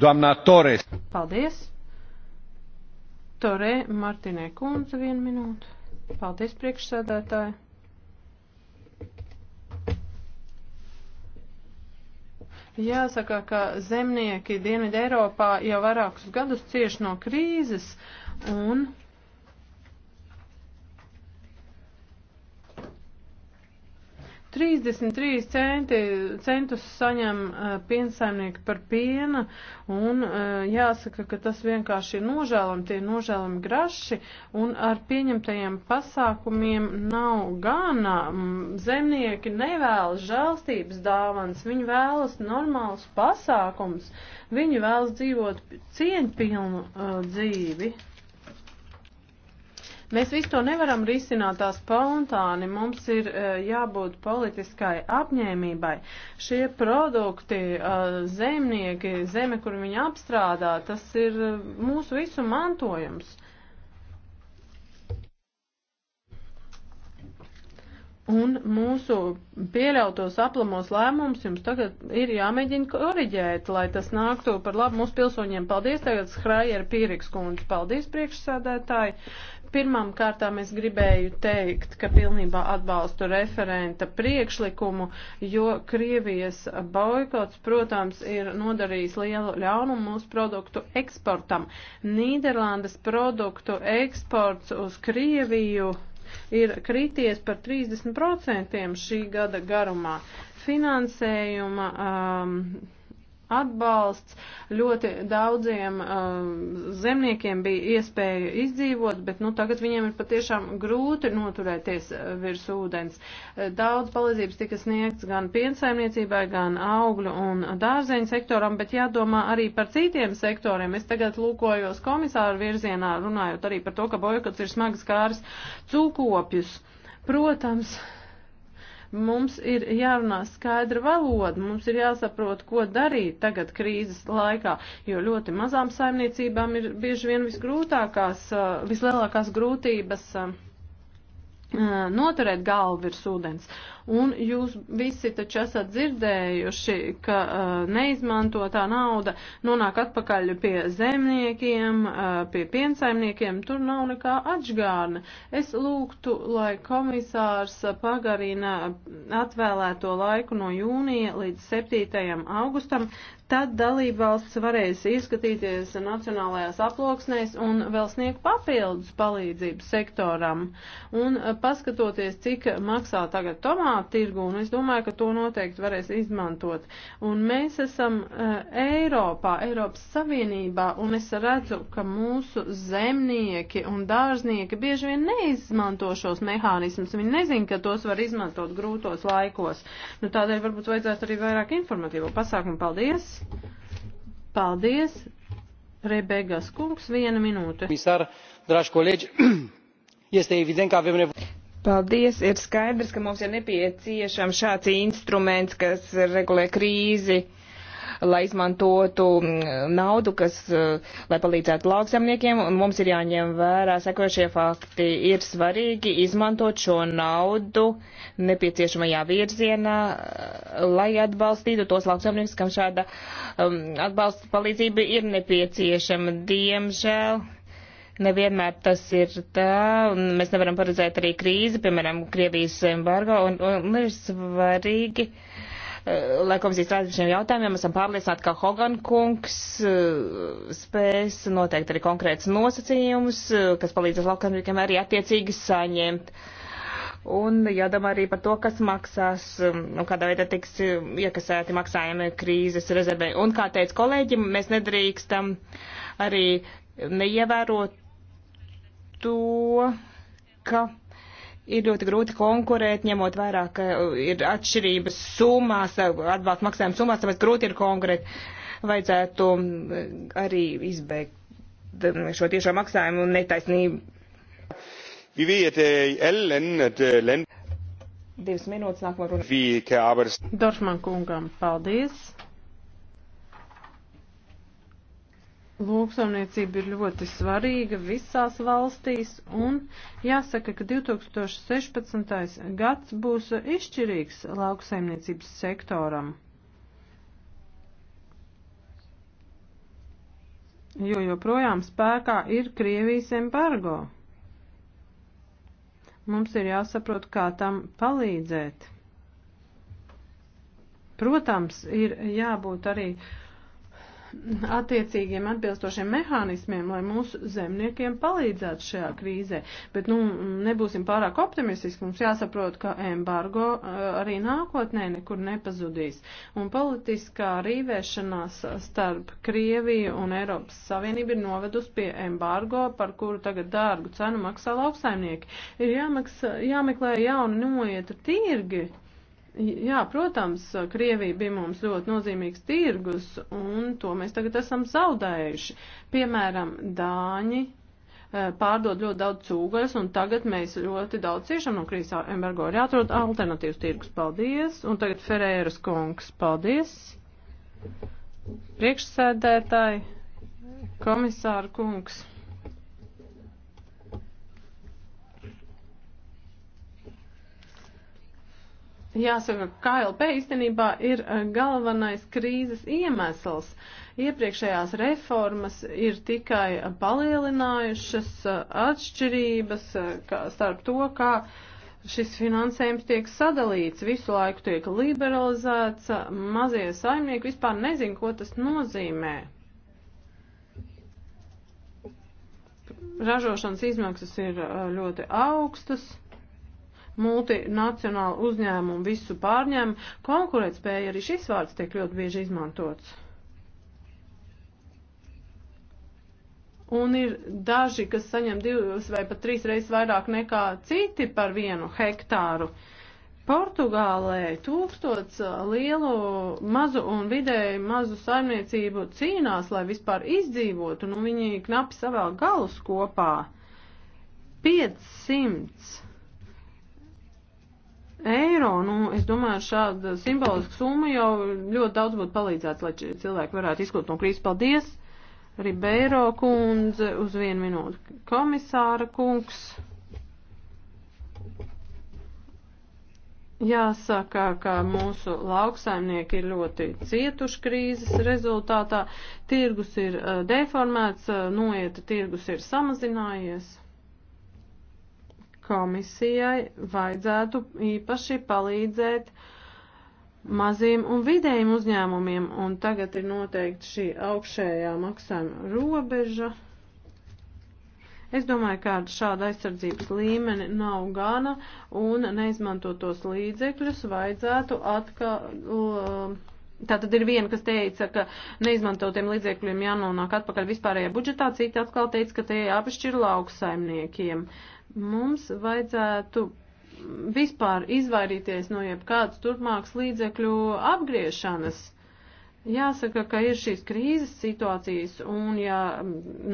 Speaker 1: Domnā Torres. Paldies. Torē Martinē Kunze vienu minūtu. Paldies priekšsēdētāji. Jāsaka, ka zemnieki Dienvidē Eiropā jau vairākus gadus cieši no krīzes un 33 centi, centus saņem uh, piensaimnieki par piena, un uh, jāsaka, ka tas vienkārši ir nožēlami, tie nožēlami graši, un ar pieņemtajiem pasākumiem nav gana. Zemnieki nevēlas žēlstības dāvans, viņi vēlas normālus pasākums, viņi vēlas dzīvot cieņpilnu uh, dzīvi. Mēs visu to nevaram risināt tā spontāni, mums ir eh, jābūt politiskai apņēmībai. Šie produkti, eh, zemnieki, zeme, kur viņi apstrādā, tas ir eh, mūsu visu mantojums. Un mūsu pieļautos aplamos lēmumus jums tagad ir jāmēģina koriģēt, lai tas nāktu par labu mūsu pilsoņiem. Paldies tagad Schreier Pīriks kundze. Paldies priekšsādētāji. Pirmām kārtām es gribēju teikt, ka pilnībā atbalstu referenta priekšlikumu, jo Krievijas boikots, protams, ir nodarījis lielu ļaunumu mūsu produktu eksportam. Nīderlandes produktu eksports uz Krieviju ir krities par 30% šī gada garumā. Finansējuma. Um, atbalsts. Ļoti daudziem um, zemniekiem bija iespēja izdzīvot, bet nu, tagad viņiem ir patiešām grūti noturēties uh, virs ūdens. Uh, daudz palīdzības tika sniegts gan piensaimniecībai, gan augļu un dārzeņu sektoram, bet jādomā arī par citiem sektoriem. Es tagad lūkojos komisāru virzienā, runājot arī par to, ka bojkots ir smagas kāras cūkopjus. Protams, Mums ir jārunā skaidra valoda, mums ir jāsaprot, ko darīt tagad krīzes laikā, jo ļoti mazām saimniecībām ir bieži vien visgrūtākās, vislielākās grūtības noturēt galvu virs ūdens. Un jūs visi taču esat dzirdējuši, ka uh, neizmantotā nauda nonāk atpakaļ pie zemniekiem, uh, pie piensaimniekiem. Tur nav nekā atžgārna. Es lūgtu, lai komisārs pagarina atvēlēto laiku no jūnija līdz 7. augustam, tad dalībvalsts varēs izskatīties nacionālajās aploksnēs un vēl sniegt papildus palīdzību sektoram. Un eh, paskatoties, cik maksā tagad tomātu tirgu, un es domāju, ka to noteikti varēs izmantot. Un mēs esam eh, Eiropā, Eiropas Savienībā, un es redzu, ka mūsu zemnieki un dārznieki bieži vien neizmanto šos mehānismus. Viņi nezin, ka tos var izmantot grūtos laikos. Nu, tādēļ varbūt vajadzētu arī vairāk informatīvo pasākumu. Paldies! Paldies! Paldies! Rebegas kungs, viena minūte. Komisār, dragi kolēģi, (clears throat) este evident ka avem nevoie.
Speaker 3: Paldies! Ir skaidrs, ka mums ir nepieciešams šāds instruments, kas regulē krīzi lai izmantotu mm, naudu, kas, eh, lai palīdzētu lauksamniekiem, un mums ir jāņem vērā sekošie fakti. Ir svarīgi izmantot šo naudu nepieciešamajā virzienā, eh, lai atbalstītu tos lauksamniekus, kam šāda um, atbalsta palīdzība ir nepieciešama. Diemžēl nevienmēr tas ir tā, un mēs nevaram paredzēt arī krīzi, piemēram, Krievijas embargo, un, un ir svarīgi lai komisijas strādātu šiem jautājumiem. Esam pārliecināti, ka Hogan kungs eh, spēs noteikt arī konkrēts nosacījumus, eh, kas palīdzēs lauksaimniekiem arī attiecīgi saņemt. Un jādomā arī par to, kas maksās, nu, kādā veidā tiks iekasēti maksājumi krīzes rezervē. Un, kā teica kolēģi, mēs nedrīkstam arī neievērot to, ka ir ļoti grūti konkurēt, ņemot vērā, ka uh, ir atšķirības summās, uh, atbalsta maksājuma summās, tāpēc grūti ir konkurēt. Vajadzētu um, arī izbeigt um, šo tiešo maksājumu netaisnību. Øh, øh, Divas minūtes nākamā runa. Dorfman kungam, paldies!
Speaker 1: Lūksaimniecība ir ļoti svarīga visās valstīs, un jāsaka, ka 2016. gads būs izšķirīgs lauksaimniecības sektoram. Jo joprojām spēkā ir Krievijas embargo. Mums ir jāsaprot, kā tam palīdzēt. Protams, ir jābūt arī uh, attiecīgiem atbilstošiem mehānismiem, lai mūsu zemniekiem palīdzētu šajā krīzē. Bet, nu, nebūsim pārāk optimistiski, mums jāsaprot, ka embargo eh, arī nākotnē nekur nepazudīs. Un politiskā rīvēšanās starp Krieviju un Eiropas Savienību ir novedus pie embargo, par kuru tagad dārgu cenu maksā lauksaimnieki. Ir jāmaks, jāmeklē jauni noieta tirgi Jā, protams, Krievija bija mums ļoti nozīmīgs tirgus, un to mēs tagad esam zaudējuši. Piemēram, Dāņi eh, pārdod ļoti daudz cūgaļas, un tagad mēs ļoti daudz ciešam no krīzes embargo. Ir jāatrod alternatīvas tirgus. Paldies! Un tagad Ferēras kungs, paldies! Priekšsēdētāji, komisāra kungs! Jāsaka, KLP īstenībā ir eh, galvenais krīzes iemesls. Iepriekšējās reformas ir tikai palielinājušas eh, atšķirības eh, starp to, kā šis finansējums tiek sadalīts, visu laiku tiek liberalizēts, mazie saimnieki vispār nezin, ko tas nozīmē. Ražošanas izmaksas ir ļoti augstas multinacionāla uzņēmuma visu pārņem, konkurētspēja arī šis vārds tiek ļoti bieži izmantots. Un ir daži, kas saņem divas vai pat trīs reizes vairāk nekā citi par vienu hektāru. Portugālē tūkstots uh, lielu, mazu un vidēji mazu saimniecību cīnās, lai vispār izdzīvotu, un nu, viņi knapi savēl galus kopā. 500 eiro, nu, es domāju, šāda simboliska summa jau ļoti daudz būtu palīdzēts, lai cilvēki varētu izkļūt no krīzes. Paldies, Ribeiro kundze, uz vienu minūti komisāra kungs. Jāsaka, ka mūsu lauksaimnieki ir ļoti cietuši krīzes rezultātā, tirgus ir eh, deformēts, eh, noieta tirgus ir samazinājies komisijai vajadzētu īpaši palīdzēt maziem un vidējiem uzņēmumiem, un tagad ir noteikti šī augšējā maksājuma robeža. Es domāju, ka šāda aizsardzības līmeni nav gana, un neizmantotos līdzekļus vajadzētu atkal. Uh, Tātad ir viena, kas teica, ka neizmantotiem līdzekļiem jānonāk atpakaļ vispārējā budžetā, cita atkal teica, ka tie jāpašķir lauksaimniekiem. Mums vajadzētu vispār izvairīties no jebkādas turpmākas līdzekļu apgriešanas. Jāsaka, ka ir šīs krīzes situācijas, un ja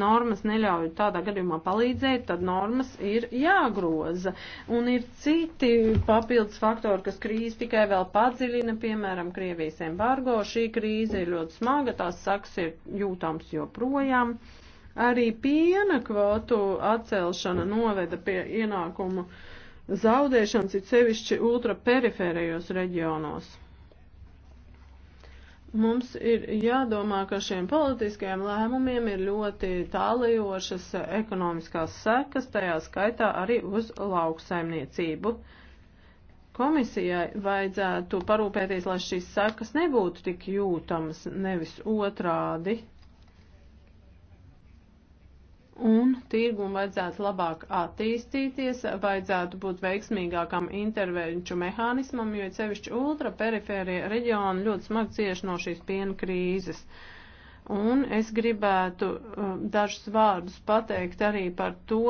Speaker 1: normas neļauj tādā gadījumā palīdzēt, tad normas ir jāgroza. Un ir citi papildus faktori, kas krīzi tikai vēl padziļina, piemēram, Krievijas embargo. Šī krīze ir ļoti smaga, tās saks ir jūtams joprojām. Arī piena kvotu atcelšana noveda pie ienākumu zaudēšanas, it sevišķi ultraperifērējos reģionos. Mums ir jādomā, ka šiem politiskajiem lēmumiem ir ļoti tālajošas ekonomiskās sekas, tajā skaitā arī uz lauksaimniecību. Komisijai vajadzētu parūpēties, lai šīs sekas nebūtu tik jūtamas, nevis otrādi un tirgum vajadzētu labāk attīstīties, vajadzētu būt veiksmīgākam intervenču mehānismam, jo sevišķi ultraperifērie reģioni ļoti smagi cieš no šīs piena krīzes. Un es gribētu um, dažus vārdus pateikt arī par to,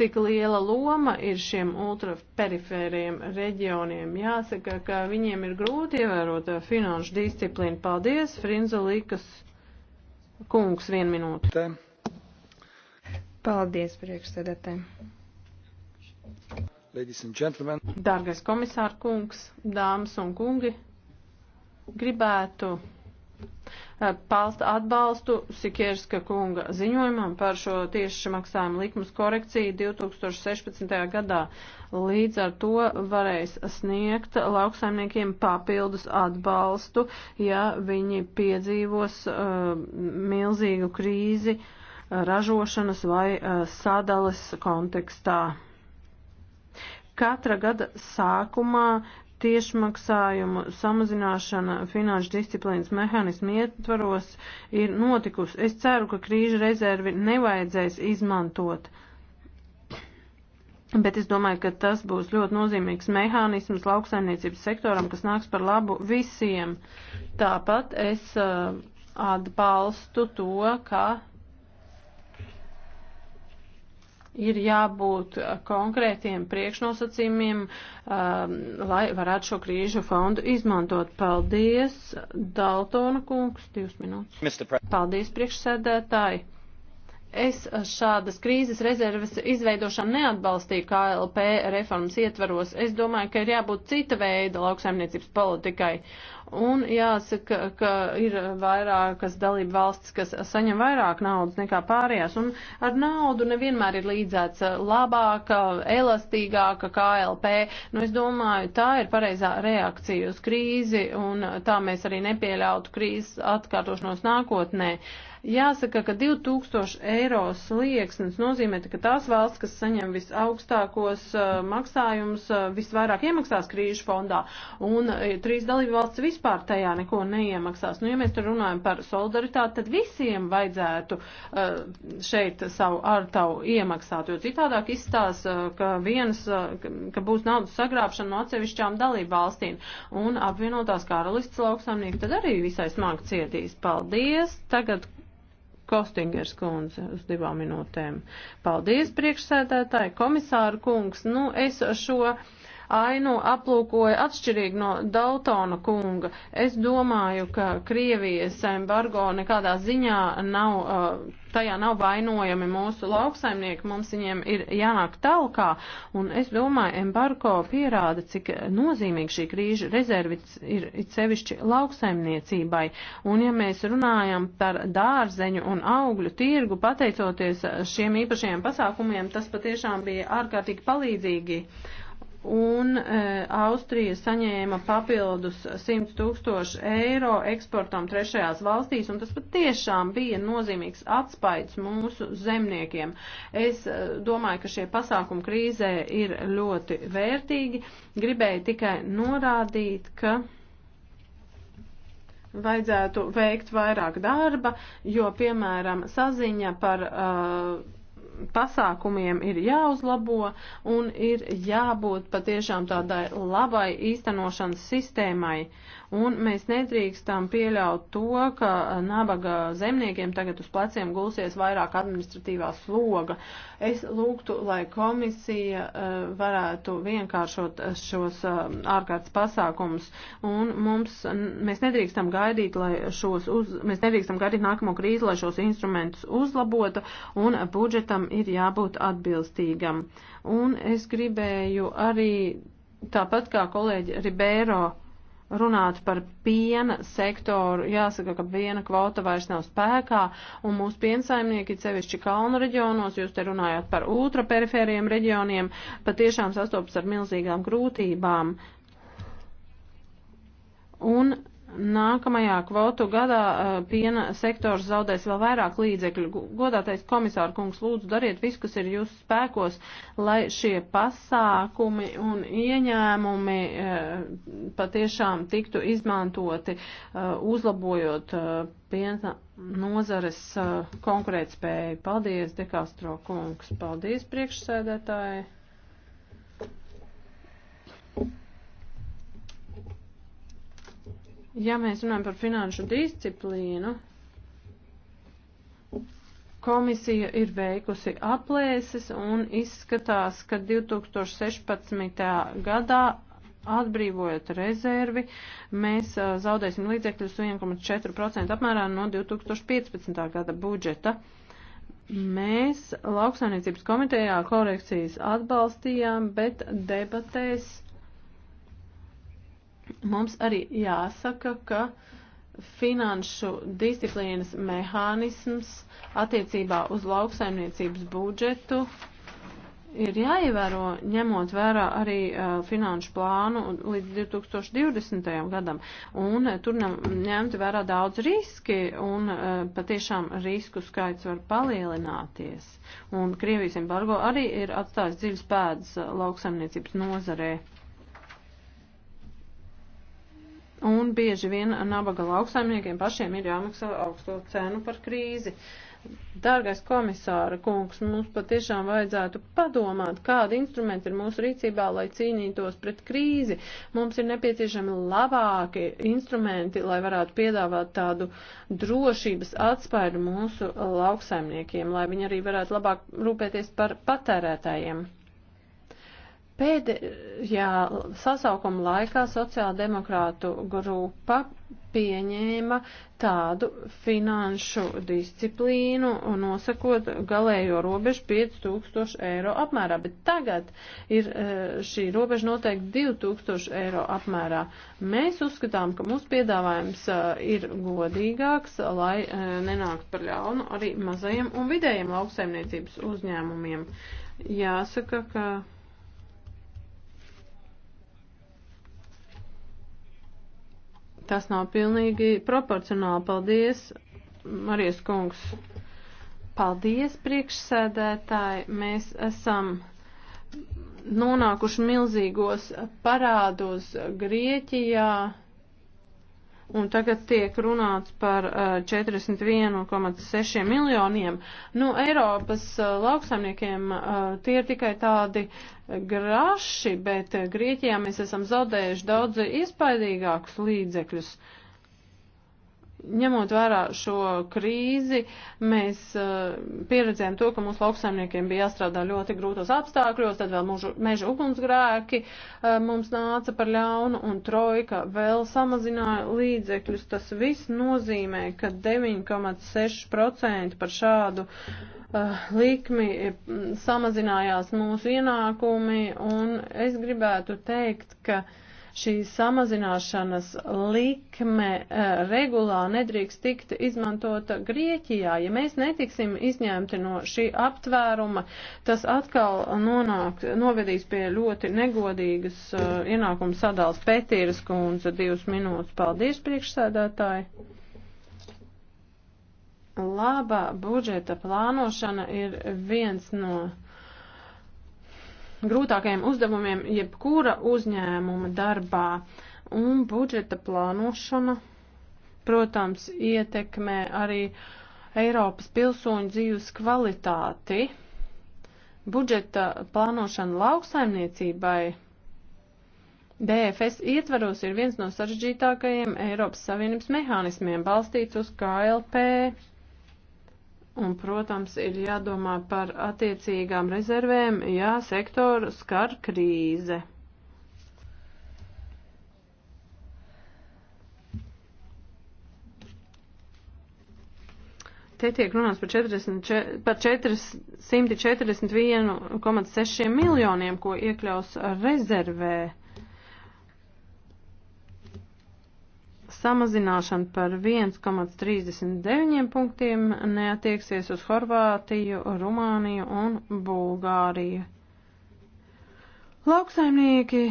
Speaker 1: cik liela loma ir šiem ultraperifēriem reģioniem. Jāsaka, ka viņiem ir grūti ievērot uh, finanšu disciplīnu. Paldies, Frinza Likas kungs, vienu minūtu. Tā. Paldies,
Speaker 3: priekšsēdētēm.
Speaker 1: Dārgais komisār kungs, dāmas un kungi, gribētu eh, palst atbalstu Sikierska kunga ziņojumam par šo tieši maksājumu likums korekciju 2016. gadā. Līdz ar to varēs sniegt lauksaimniekiem papildus atbalstu, ja viņi piedzīvos uh, milzīgu krīzi uh, ražošanas vai e, sadales kontekstā. Katra gada sākumā tiešmaksājumu samazināšana finanšu disciplīnas mehānismu ietvaros ir notikusi. Es ceru, ka krīža rezervi nevajadzēs izmantot. Bet es domāju, ka tas būs ļoti nozīmīgs mehānisms lauksaimniecības sektoram, kas nāks par labu visiem. Tāpat es uh, atbalstu to, ka ir jābūt konkrētiem priekšnosacījumiem, um, lai varētu šo krīžu fondu izmantot. Paldies, Daltona kungs, divas minūtes. Paldies, priekšsēdētāji. Es šādas krīzes rezerves izveidošanu neatbalstīju KLP reformas ietvaros. Es domāju, ka ir jābūt cita veida lauksaimniecības politikai. Un jāsaka, ka ir vairākas dalība valstis, kas saņem vairāk naudas nekā pārējās. Un ar naudu nevienmēr ir līdzēts labāka, elastīgāka KLP. Nu, es domāju, tā ir pareizā reakcija uz krīzi un tā mēs arī nepieļautu krīzes atkārtošanos nākotnē. Uh, Jāsaka, ka 2000 eiro slieksnis nozīmē, ka tās valsts, kas saņem visaugstākos uh, maksājumus, uh, visvairāk iemaksās krīžu fondā, un uh, trīs dalību valsts vispār tajā neko neiemaksās. Nu, ja mēs te runājam par solidaritāti, tad visiem vajadzētu šeit savu ārtavu iemaksāt, jo citādāk izstās, ka viens, ka būs naudas sagrābšana no atsevišķām dalību valstīm, un apvienotās karalists lauksaimnieki tad arī visai smagi cietīs. Paldies! Tagad Kostingers kundze uz divām minūtēm. Paldies, priekšsēdētāji, komisāra kungs. Nu, es šo ainu aplūkoja atšķirīgi no Daltona kunga. Es domāju, ka Krievijas embargo nekādā ziņā nav. Uh, tajā nav vainojami mūsu lauksaimnieki, mums viņiem ir jānāk talkā, un es domāju, embargo pierāda, cik nozīmīgi šī krīža rezervis ir sevišķi lauksaimniecībai, un ja mēs runājam par dārzeņu un augļu tirgu, pateicoties šiem īpašajiem pasākumiem, tas patiešām bija ārkārtīgi palīdzīgi un e, Austrija saņēma papildus 100 tūkstošu eiro eksportam trešajās valstīs, un tas pat tiešām bija nozīmīgs atspaids mūsu zemniekiem. Es e, domāju, ka šie pasākumi krīzē ir ļoti vērtīgi. Gribēju tikai norādīt, ka vajadzētu veikt vairāk darba, jo, piemēram, saziņa par uh, pasākumiem ir jāuzlabo un ir jābūt patiešām tādai labai īstenošanas sistēmai. Uh, un mēs nedrīkstam pieļaut to, ka nabaga zemniekiem tagad uz pleciem gulsies vairāk administratīvā sloga. Es lūgtu, lai komisija varētu vienkāršot šos ārkārtas pasākumus, un mums, mēs nedrīkstam gaidīt, lai šos uz, mēs nedrīkstam gaidīt nākamo krīzi, lai šos instrumentus uzlabotu, un budžetam ir jābūt atbilstīgam. Un es gribēju arī tāpat kā kolēģi Ribeiro runāt par piena sektoru, jāsaka, ka piena kvota vairs nav spēkā, un mūsu piensaimnieki, sevišķi kalnu reģionos, jūs te runājāt par ultraperifēriem reģioniem, patiešām sastopas ar milzīgām grūtībām. Un nākamajā kvotu gadā eh, piena sektors zaudēs vēl vairāk līdzekļu. Godātais komisāra kungs, lūdzu, dariet visu, kas ir jūsu spēkos, lai šie pasākumi un ieņēmumi eh, patiešām tiktu izmantoti, eh, uzlabojot piena nozares konkurētspēju. Paldies, Dekastro kungs. Paldies, priekšsēdētāji. Thank you. Ja mēs runājam par finanšu disciplīnu, komisija ir veikusi aplēses un izskatās, ka 2016. gadā atbrīvojot rezervi, mēs zaudēsim līdzekļus 1,4% apmērā no 2015. gada budžeta. Mēs lauksaimniecības komitejā korekcijas atbalstījām, bet debatēs Mums arī jāsaka, ka finanšu disciplīnas mehānisms attiecībā uz lauksaimniecības budžetu ir jāievēro, ņemot vērā arī uh, finanšu plānu līdz 2020. gadam. Un uh, tur ņemti vērā daudz riski, un uh, patiešām risku skaits var palielināties. Un Krievijas embargo arī ir atstājis dziļas pēdas uh, lauksaimniecības nozarē. Un bieži vien nabaga lauksaimniekiem pašiem ir jāmaksā augsto cenu par krīzi. Dārgais komisāra kungs, mums patiešām vajadzētu padomāt, kādi instrumenti ir mūsu rīcībā, lai cīnītos pret krīzi. Mums ir nepieciešami labāki instrumenti, lai varētu piedāvāt tādu drošības atspaidu mūsu lauksaimniekiem, lai viņi arī varētu labāk rūpēties par patērētājiem. Pēdējā sasaukuma laikā sociāldemokrātu grupa pieņēma tādu finanšu disciplīnu, nosakot galējo robežu 5000 eiro apmērā, bet tagad ir e, šī robeža noteikti 2000 eiro apmērā. Mēs uzskatām, ka mūsu piedāvājums e, ir godīgāks, lai e, nenākt par ļaunu arī mazajiem un vidējiem lauksaimniecības uzņēmumiem. Jāsaka, ka Tas nav pilnīgi proporcionāli. Paldies, Marijas kungs. Paldies, priekšsēdētāji. Mēs esam nonākuši milzīgos parādos Grieķijā un tagad tiek runāts par uh, eh, 41,6 miljoniem. Nu, Eiropas uh, lauksaimniekiem uh, tie ir tikai tādi graši, bet Grieķijā mēs esam zaudējuši daudz iespaidīgākus līdzekļus. Uh, ņemot vērā šo krīzi, mēs uh, pieredzējām to, ka mūsu lauksaimniekiem bija jāstrādā ļoti grūtos apstākļos, tad vēl mūžu, meža ugunsgrēki uh, mums nāca par ļaunu un trojka vēl samazināja līdzekļus. Tas viss nozīmē, ka 9,6% par šādu uh, likmi mm, samazinājās mūsu ienākumi un es gribētu teikt, ka uh, šī samazināšanas likme eh, regulā nedrīkst tikt izmantota Grieķijā. Ja mēs netiksim izņemti no šī aptvēruma, tas atkal nonāk, novedīs pie ļoti negodīgas uh, ienākuma sadals Petīras kundze divas minūtes. Paldies, priekšsēdētāji! Labā budžeta plānošana ir viens no grūtākajiem uzdevumiem jebkura uzņēmuma darbā. Un budžeta plānošana, protams, ietekmē arī Eiropas pilsoņu dzīves kvalitāti. Budžeta plānošana lauksaimniecībai DFS ietvaros ir viens no sarežģītākajiem Eiropas Savienības mehānismiem balstīts uz KLP. Un, protams, ir jādomā par attiecīgām rezervēm, ja sektoru skar krīze. Te tiek runāts par, 40, par 441,6 miljoniem, ko iekļaus rezervē. samazināšana par 1,39 punktiem neatieksies uz Horvātiju, Rumāniju un Bulgāriju. Lauksaimnieki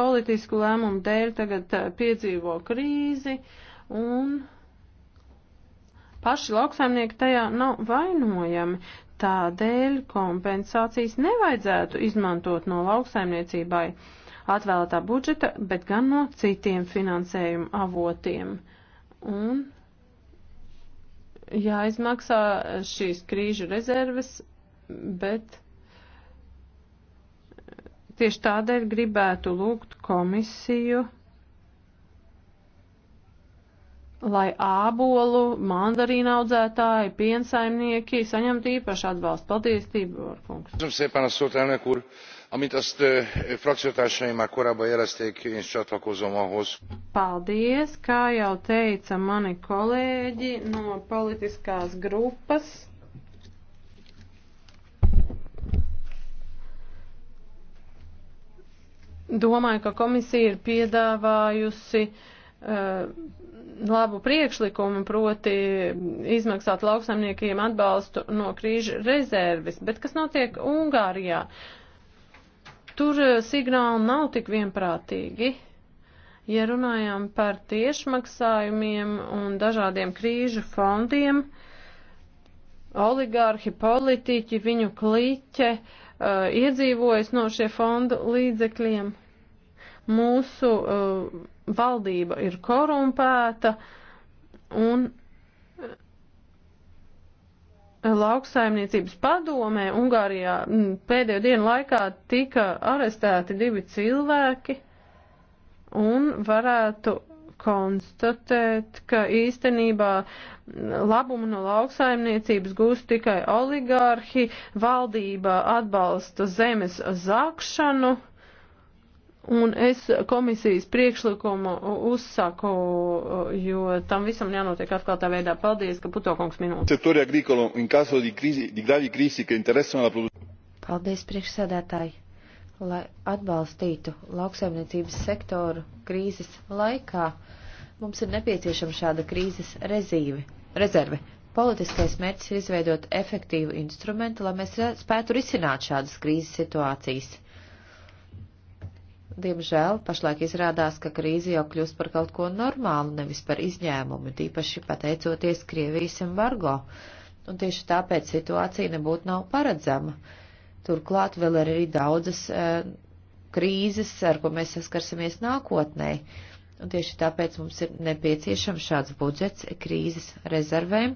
Speaker 1: politisku lēmumu dēļ tagad eh, piedzīvo krīzi un paši lauksaimnieki tajā nav vainojami. Tādēļ kompensācijas nevajadzētu izmantot no lauksaimniecībai atvēlētā budžeta, bet gan no citiem finansējuma avotiem. Un jāizmaksā šīs krīžu rezerves, bet tieši tādēļ gribētu lūgt komisiju lai ābolu, mandarīna audzētāji, piensaimnieki saņemtu īpašu atbalstu. Paldies, Tībor
Speaker 3: kungs! amint azt frakciótársaim már korábban jelezték én is csatlakozom ahhoz.
Speaker 1: Paldies, kā jau teica mani kolēģi no politiskās grupas. Domāju, ka komisija ir piedāvājusi uh, labu priekšlikumu, proti izmaksāt lauksaimniekiem atbalstu no krīža rezerves. Bet kas notiek Ungārijā? Uh, Tur eh, signāli nav tik vienprātīgi. Ja runājām par tiešmaksājumiem un dažādiem krīžu fondiem, oligārhi, politiķi, viņu kliķe uh, iedzīvojas no šie fondu līdzekļiem. Mūsu uh, valdība ir korumpēta un lauksaimniecības padomē Ungārijā pēdējo dienu laikā tika arestēti divi cilvēki un varētu konstatēt, ka īstenībā labumu no lauksaimniecības gūst tikai oligārhi, valdība atbalsta zemes zakšanu Un es komisijas priekšlikumu uzsaku, jo tam visam jānotiek atklātā veidā.
Speaker 2: Paldies, ka putokungs minūte. Paldies, priekšsēdētāji, lai atbalstītu lauksaimniecības sektoru krīzes laikā. Mums ir nepieciešama šāda krīzes rezīve, rezerve. Politiskais mērķis ir izveidot efektīvu instrumentu, lai mēs spētu risināt šādas krīzes situācijas diemžēl, pašlaik izrādās, ka krīze jau kļūst par kaut ko normālu, nevis par izņēmumu, tīpaši pateicoties Krievijas embargo. Un tieši tāpēc situācija nebūtu nav paredzama. Turklāt vēl ir arī daudzas e, krīzes, ar ko mēs saskarsimies nākotnē. E, Un tieši tāpēc mums ir nepieciešams šāds budžets krīzes rezervēm,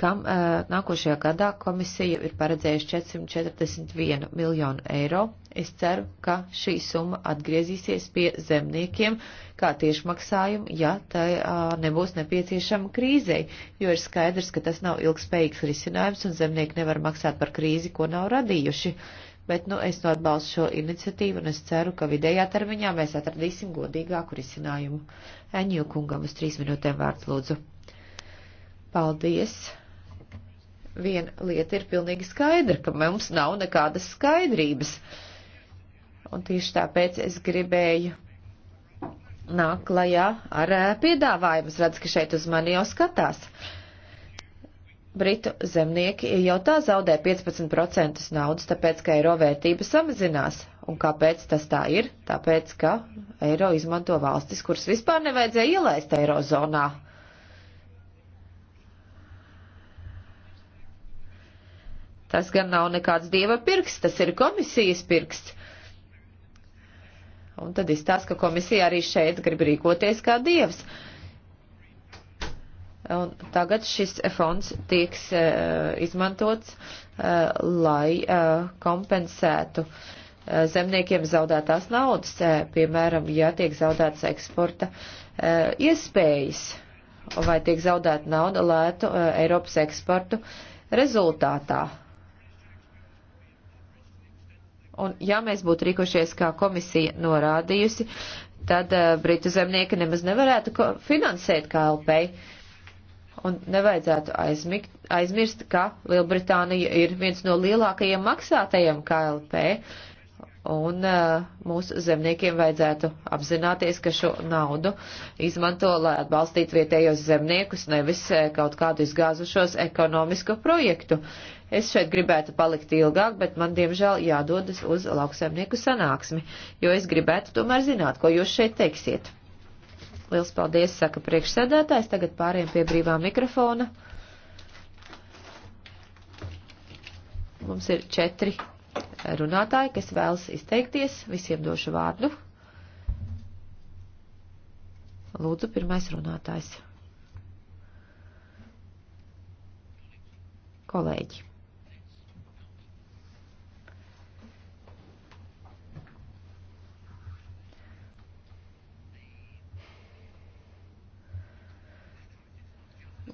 Speaker 2: kam uh, nākošajā gadā komisija ir paredzējusi 441 miljonu eiro. Es ceru, ka šī summa atgriezīsies pie zemniekiem kā tiešmaksājumu, ja tā uh, nebūs nepieciešama krīzei, jo ir skaidrs, ka tas nav ilgspējīgs risinājums un zemnieki nevar maksāt par krīzi, ko nav radījuši. Uh, bet nu, es nu atbalstu šo iniciatīvu un es ceru, ka vidējā termiņā mēs atradīsim godīgāku risinājumu. Eņģu kungam uz trīs minūtēm vārds lūdzu. Paldies! Viena lieta ir pilnīgi skaidra, ka mums nav nekādas skaidrības. Un tieši tāpēc es gribēju nāk klajā ar piedāvājumu. Es redzu, ka šeit uz mani jau skatās. Uh, Britu zemnieki jau tā zaudē 15% naudas, tāpēc, ka eiro vērtība samazinās. Un kāpēc tas tā ir? Tāpēc, ka eiro izmanto valstis, kuras vispār nevajadzēja ielaist eirozonā. Tas gan nav nekāds dieva pirksts, tas ir komisijas pirksts. Un tad izstāsta, ka komisija arī šeit grib rīkoties kā dievs. Uh, Un tagad šis fonds tieks uh, eh, izmantots, uh, lai uh, kompensētu zemniekiem zaudētās naudas, piemēram, ja tiek zaudētas eksporta iespējas vai tiek zaudēta nauda lētu Eiropas eksportu rezultātā. Un ja mēs būtu rīkošies, kā komisija norādījusi, tad Britu zemnieki nemaz nevarētu finansēt KLP. Ka Un nevajadzētu aizmigt, aizmirst, ka Lielbritānija ir viens no lielākajiem maksātajiem KLP, un uh, mūsu zemniekiem vajadzētu apzināties, ka šo naudu izmanto, lai atbalstītu vietējos zemniekus, nevis uh, kaut kādu izgāzušos ekonomisku projektu. Es šeit gribētu palikt ilgāk, bet man, diemžēl, jādodas uz lauksaimnieku sanāksmi, jo es gribētu tomēr zināt, ko jūs šeit teiksiet. Liels paldies, saka priekšsēdētājs. Tagad pāriem pie brīvā mikrofona. Mums ir četri runātāji, kas vēlas izteikties. Visiem došu vārdu. Lūdzu, pirmais runātājs. Kolēģi.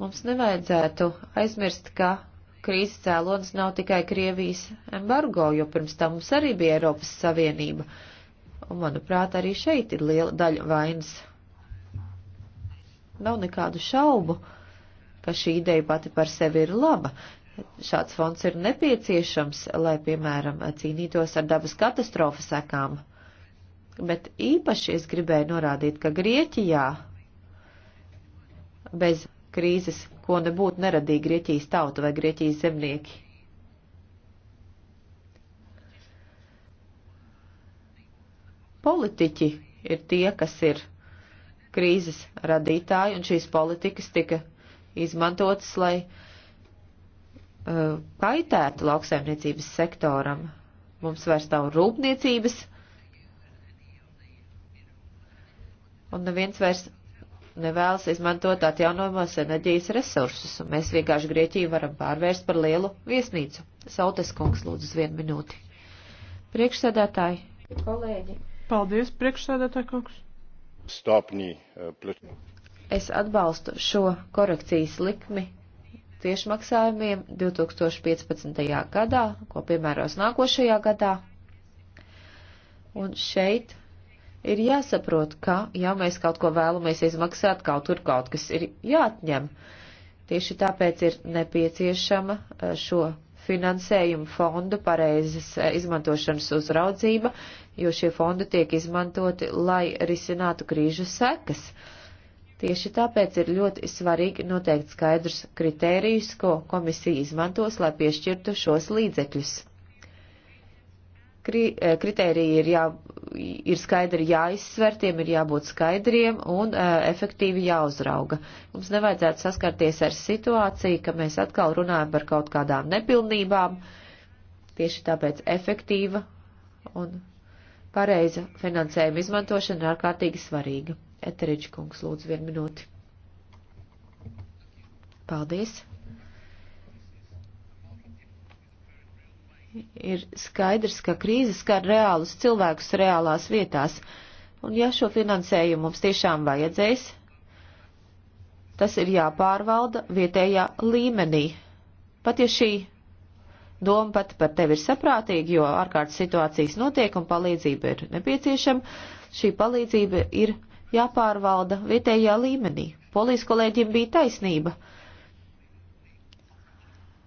Speaker 2: Mums nevajadzētu aizmirst, ka krīzes cēlonis nav tikai Krievijas embargo, jo pirms tam mums arī bija Eiropas Savienība. Un, manuprāt, arī šeit ir liela daļa vainas. Nav nekādu šaubu, ka šī ideja pati par sevi ir laba. Šāds fonds ir nepieciešams, lai, piemēram, cīnītos ar dabas katastrofu sekām. Bet īpaši es gribēju norādīt, ka Grieķijā bez krīzes, ko nebūtu neradīja Grieķijas tauta vai Grieķijas zemnieki. Politiķi ir tie, kas ir krīzes radītāji, un šīs politikas tika izmantotas, lai uh, kaitētu lauksaimniecības sektoram. Mums vairs nav rūpniecības, un neviens vairs nevēlas izmantot atjaunojumos enerģijas resursus, un mēs vienkārši Grieķiju varam pārvērst par lielu viesnīcu. Sautes kungs, lūdzu, vienu minūti. Priekšsēdētāji, kolēģi. Paldies, priekšsēdētāji kungs.
Speaker 3: Stopnī. Uh, eh,
Speaker 2: es atbalstu šo korekcijas likmi tiešmaksājumiem 2015. gadā, ko piemēros nākošajā gadā. Un šeit ir jāsaprot, ka, ja mēs kaut ko vēlamies izmaksāt, kaut tur kaut kas ir jāatņem. Tieši tāpēc ir nepieciešama eh, šo finansējumu fondu pareizes eh, izmantošanas uzraudzība, jo šie fondi tiek izmantoti, lai risinātu krīžu sekas. Tieši tāpēc ir ļoti svarīgi noteikt skaidrus kritērijus, ko komisija izmantos, lai piešķirtu šos līdzekļus kri, e, kritēriji ir, jā, ir skaidri jāizsver, tiem ir jābūt skaidriem un uh, efektīvi jāuzrauga. Mums nevajadzētu saskarties ar situāciju, ka mēs atkal runājam par kaut kādām nepilnībām, tieši tāpēc efektīva un pareiza finansējuma izmantošana ir ārkārtīgi svarīga. Eteriģi kungs, lūdzu, vienu minūti. Paldies! ir skaidrs, ka krīze skar reālus cilvēkus reālās vietās. Un ja šo finansējumu mums tiešām vajadzēs, tas ir jāpārvalda vietējā līmenī. Pat ja šī doma pat par tevi ir saprātīga, jo ārkārtas situācijas notiek un palīdzība ir nepieciešama, šī palīdzība ir jāpārvalda vietējā līmenī. Polijas kolēģiem bija taisnība. Uh,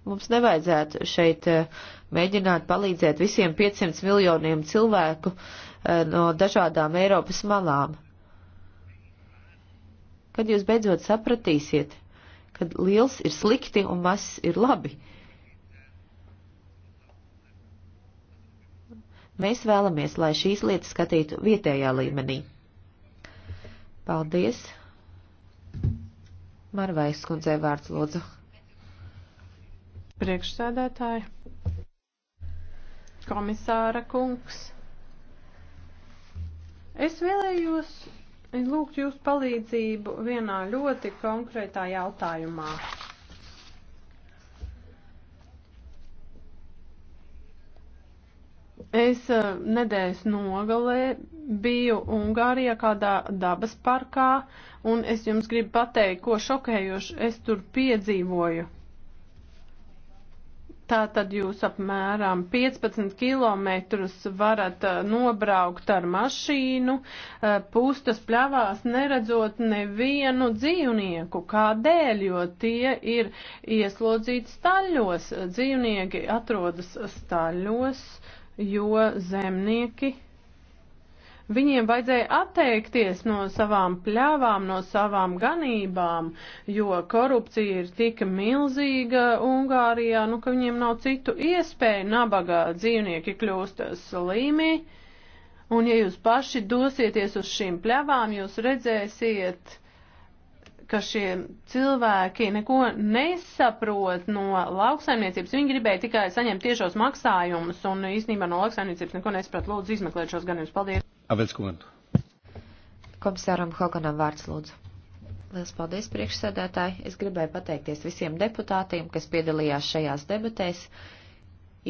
Speaker 2: Mums nevajadzētu šeit eh, mēģināt palīdzēt visiem 500 miljoniem cilvēku eh, no dažādām Eiropas malām. Kad jūs beidzot sapratīsiet, kad liels ir slikti un mazs ir labi, mēs vēlamies, lai šīs lietas skatītu vietējā līmenī. Paldies! Marvais kundzei vārds lūdzu. Priekšsēdētāji,
Speaker 1: komisāra kungs, es vēlējos lūgt jūs palīdzību vienā ļoti konkrētā jautājumā. Es eh, nedēļas nogalē biju Ungārijā kādā dabas parkā, un es jums gribu pateikt, ko šokējoši es tur piedzīvoju. Tā tad jūs apmēram 15 kilometrus varat eh, nobraukt ar mašīnu, eh, pustas pļavās neredzot nevienu dzīvnieku. Kādēļ? Jo tie ir ieslodzīti staļļos. Dzīvnieki atrodas staļļos, jo zemnieki Viņiem vajadzēja atteikties no savām pļāvām, no savām ganībām, jo korupcija ir tik milzīga Ungārijā, nu, ka viņiem nav citu iespēju. Nabagā dzīvnieki kļūst slimi, un ja jūs paši dosieties uz šīm pļavām, jūs redzēsiet, ka šie cilvēki neko nesaprot no lauksaimniecības. Viņi gribēja tikai saņemt tiešos maksājumus un īstenībā no lauksaimniecības neko nesaprot. Lūdzu, izmeklēt šos ganības. Paldies!
Speaker 2: Aveți cuvântul. Komisāram Hoganam vārds lūdzu. Liels paldies, priekšsēdētāji. Es gribēju pateikties visiem deputātiem, kas piedalījās šajās debatēs.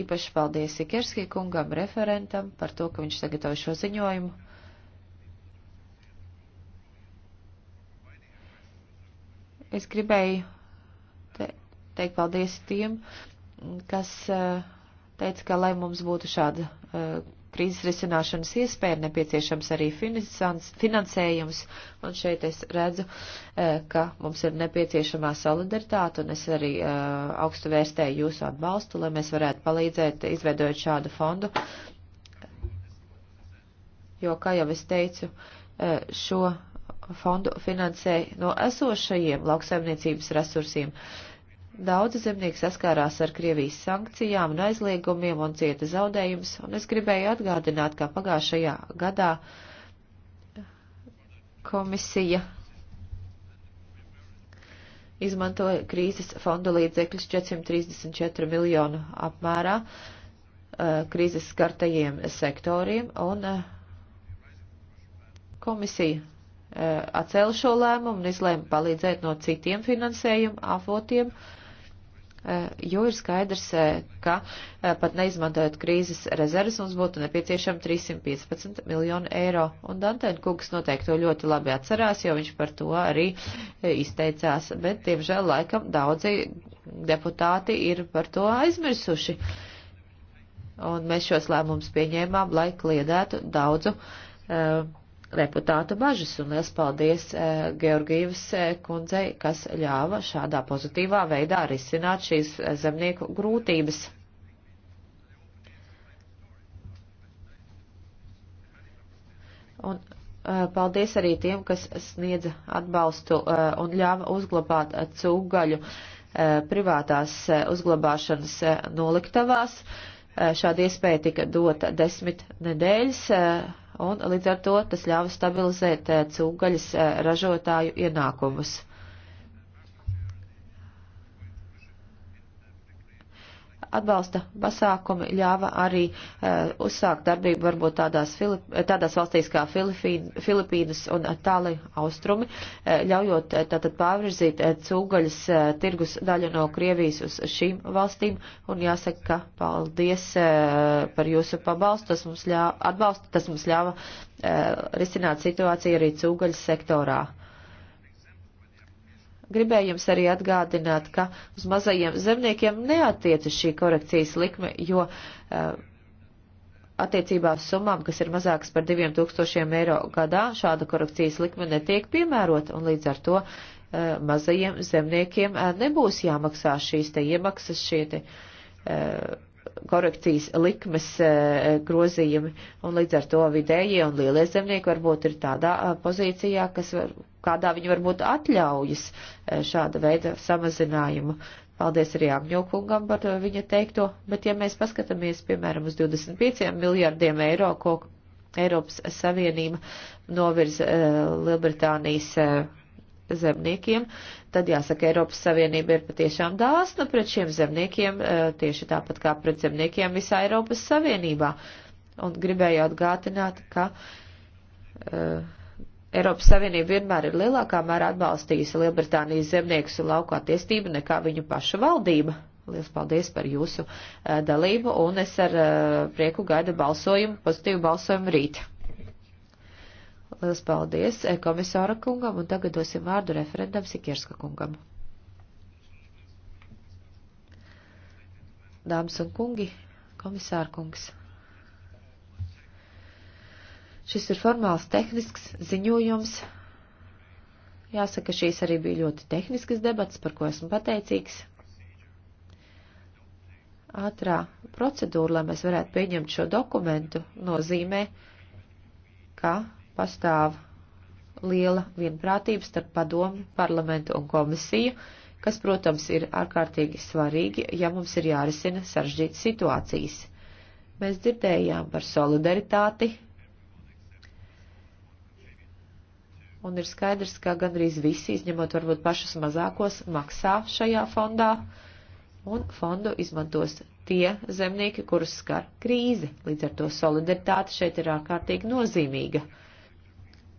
Speaker 2: Īpaši paldies Sikerskī kungam, referentam, par to, ka viņš sagatavoja šo ziņojumu. Es gribēju te, teikt paldies tiem, kas eh, teica, ka lai mums būtu šāda eh, krīzes risināšanas iespēja, ir nepieciešams arī finansējums, un šeit es redzu, eh, ka mums ir nepieciešamā solidaritāte, un es arī eh, augstu vērstēju jūsu atbalstu, lai mēs varētu palīdzēt, izveidojot šādu fondu, jo, kā jau es teicu, eh, šo fondu finansē no esošajiem lauksaimniecības resursiem. Uh, Daudzi zemnieki saskārās ar Krievijas sankcijām un aizliegumiem un cieta zaudējumus, un es gribēju atgādināt, ka pagājušajā gadā komisija izmantoja krīzes fonda līdzekļus 434 miljonu apmērā eh, krīzes skartajiem sektoriem, un eh, komisija eh, atcēla šo lēmumu un izlēma palīdzēt no citiem finansējuma avotiem, uh, Eh, jo ir skaidrs, eh, ka eh, pat neizmantojot krīzes rezerves mums būtu nepieciešama 315 miljonu eiro. Un Dantēna kungs noteikti to ļoti labi atcerās, jo viņš par to arī izteicās, bet, diemžēl, laikam daudzi deputāti ir par to aizmirsuši. Un mēs šos lēmumus pieņēmām, lai kliedētu daudzu. Uh, deputātu bažas, un liels paldies eh, Georgīvas eh, kundzei, kas ļāva šādā pozitīvā veidā risināt šīs eh, zemnieku grūtības. Un paldies arī tiem, kas sniedza atbalstu un ļāva uzglabāt cūgaļu privātās uzglabāšanas noliktavās. Šāda iespēja tika dota desmit nedēļas un līdz ar to tas ļāva stabilizēt eh, cūgaļas eh, ražotāju ienākumus. atbalsta pasākumi ļāva arī uh, uzsākt darbību varbūt tādās, Filip, eh, tādās valstīs kā Filipīn, Filipīnas un tāli austrumi, uh, ļaujot uh, tātad pārvirzīt uh, cūgaļas uh, tirgus daļu no Krievijas uz šīm valstīm. Un jāsaka, ka paldies uh, par jūsu pabalstu, tas mums ļāva, atbalstu, tas mums ļāva uh, risināt situāciju arī cūgaļas sektorā. Uh, Gribēju jums arī atgādināt, ka uz mazajiem zemniekiem neatiecas šī korekcijas likme, jo uh, attiecībā uz summām, kas ir mazākas par 2000 eiro gadā, šāda korekcijas likme netiek piemērota, un līdz ar to uh, mazajiem zemniekiem uh, nebūs jāmaksā šīs te iemaksas, šie te uh, korekcijas likmes e, grozījumi, un līdz ar to vidējie un lielie zemnieki varbūt ir tādā e, pozīcijā, kas var, kādā viņi varbūt atļaujas e, šāda veida samazinājumu. Paldies arī Agņokungam par viņa teikto, bet ja mēs paskatāmies, piemēram, uz 25 miljārdiem eiro, ko Eiropas Savienība novirza Lielbritānijas zemniekiem, tad jāsaka, Eiropas Savienība ir patiešām dāsna pret šiem zemniekiem, eh, tieši tāpat kā pret zemniekiem visā Eiropas Savienībā. Un gribēju atgādināt, ka uh, Eiropas Savienība vienmēr ir lielākā mērā atbalstījusi Lielbritānijas zemniekus un lauku attīstību nekā viņu pašu valdība. Lielas paldies par jūsu uh, dalību, un es ar uh, prieku gaidu balsojumu, pozitīvu balsojumu rīt. Lielas paldies eh, komisāra kungam, un tagad dosim vārdu referendam Sikierska kungam. Dāmas un kungi, komisāra kungs. Šis ir formāls tehnisks ziņojums. Jāsaka, šīs arī bija ļoti tehniskas debats, par ko esmu pateicīgs. Ātrā procedūra, lai mēs varētu pieņemt šo dokumentu, nozīmē, ka pastāv liela vienprātība starp padomu, parlamentu un komisiju, kas, protams, ir ārkārtīgi svarīgi, ja mums ir jārisina saržģītas situācijas. Mēs dzirdējām par solidaritāti, un ir skaidrs, ka gandrīz visi, izņemot varbūt pašus mazākos, maksā šajā fondā, un fondu izmantos tie zemnieki, kurus skar krīze. Līdz ar to solidaritāte šeit ir ārkārtīgi nozīmīga.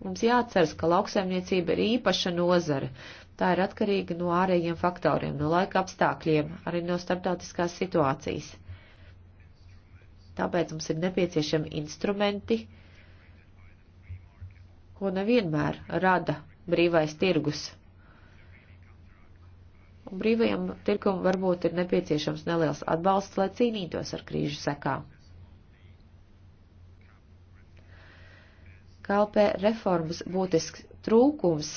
Speaker 2: Mums jāatceras, ka lauksaimniecība ir īpaša nozara. Tā ir atkarīga no ārējiem faktoriem, no laika apstākļiem, arī no starptautiskās situācijas. Tāpēc mums ir nepieciešami instrumenti, ko nevienmēr rada brīvais tirgus. Un brīvajam tirgum varbūt ir nepieciešams neliels atbalsts, lai cīnītos ar krīžu sekām. kalpē reformas būtisks trūkums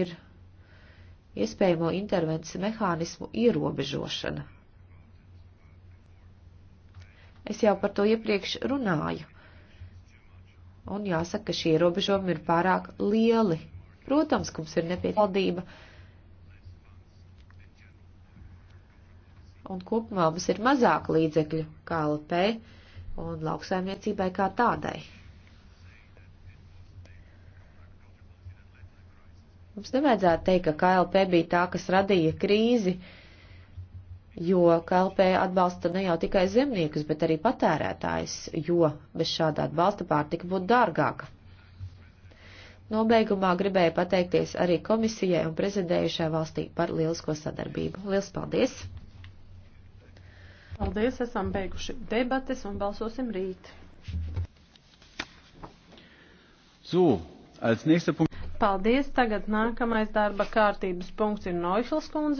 Speaker 2: ir iespējamo intervences mehānismu ierobežošana. Es jau par to iepriekš runāju, un jāsaka, ka šie ierobežojumi ir pārāk lieli. Protams, ka mums ir nepieciešama un kopumā mums ir mazāk līdzekļu kā LP un lauksaimniecībai kā tādai. Mums nevajadzētu teikt, ka KLP bija tā, kas radīja krīzi, jo KLP atbalsta ne jau tikai zemniekus, bet arī patērētājs, jo bez šāda atbalsta pārtika būtu dārgāka. Nobeigumā gribēju pateikties arī komisijai un prezidējušai valstī par lielisko sadarbību. Lielas paldies! Paldies,
Speaker 1: esam beiguši debates un balsosim rīt. So, als nächster Punkt. Paldies. Tagad nākamais darba kārtības punkts ir Noišls kundze.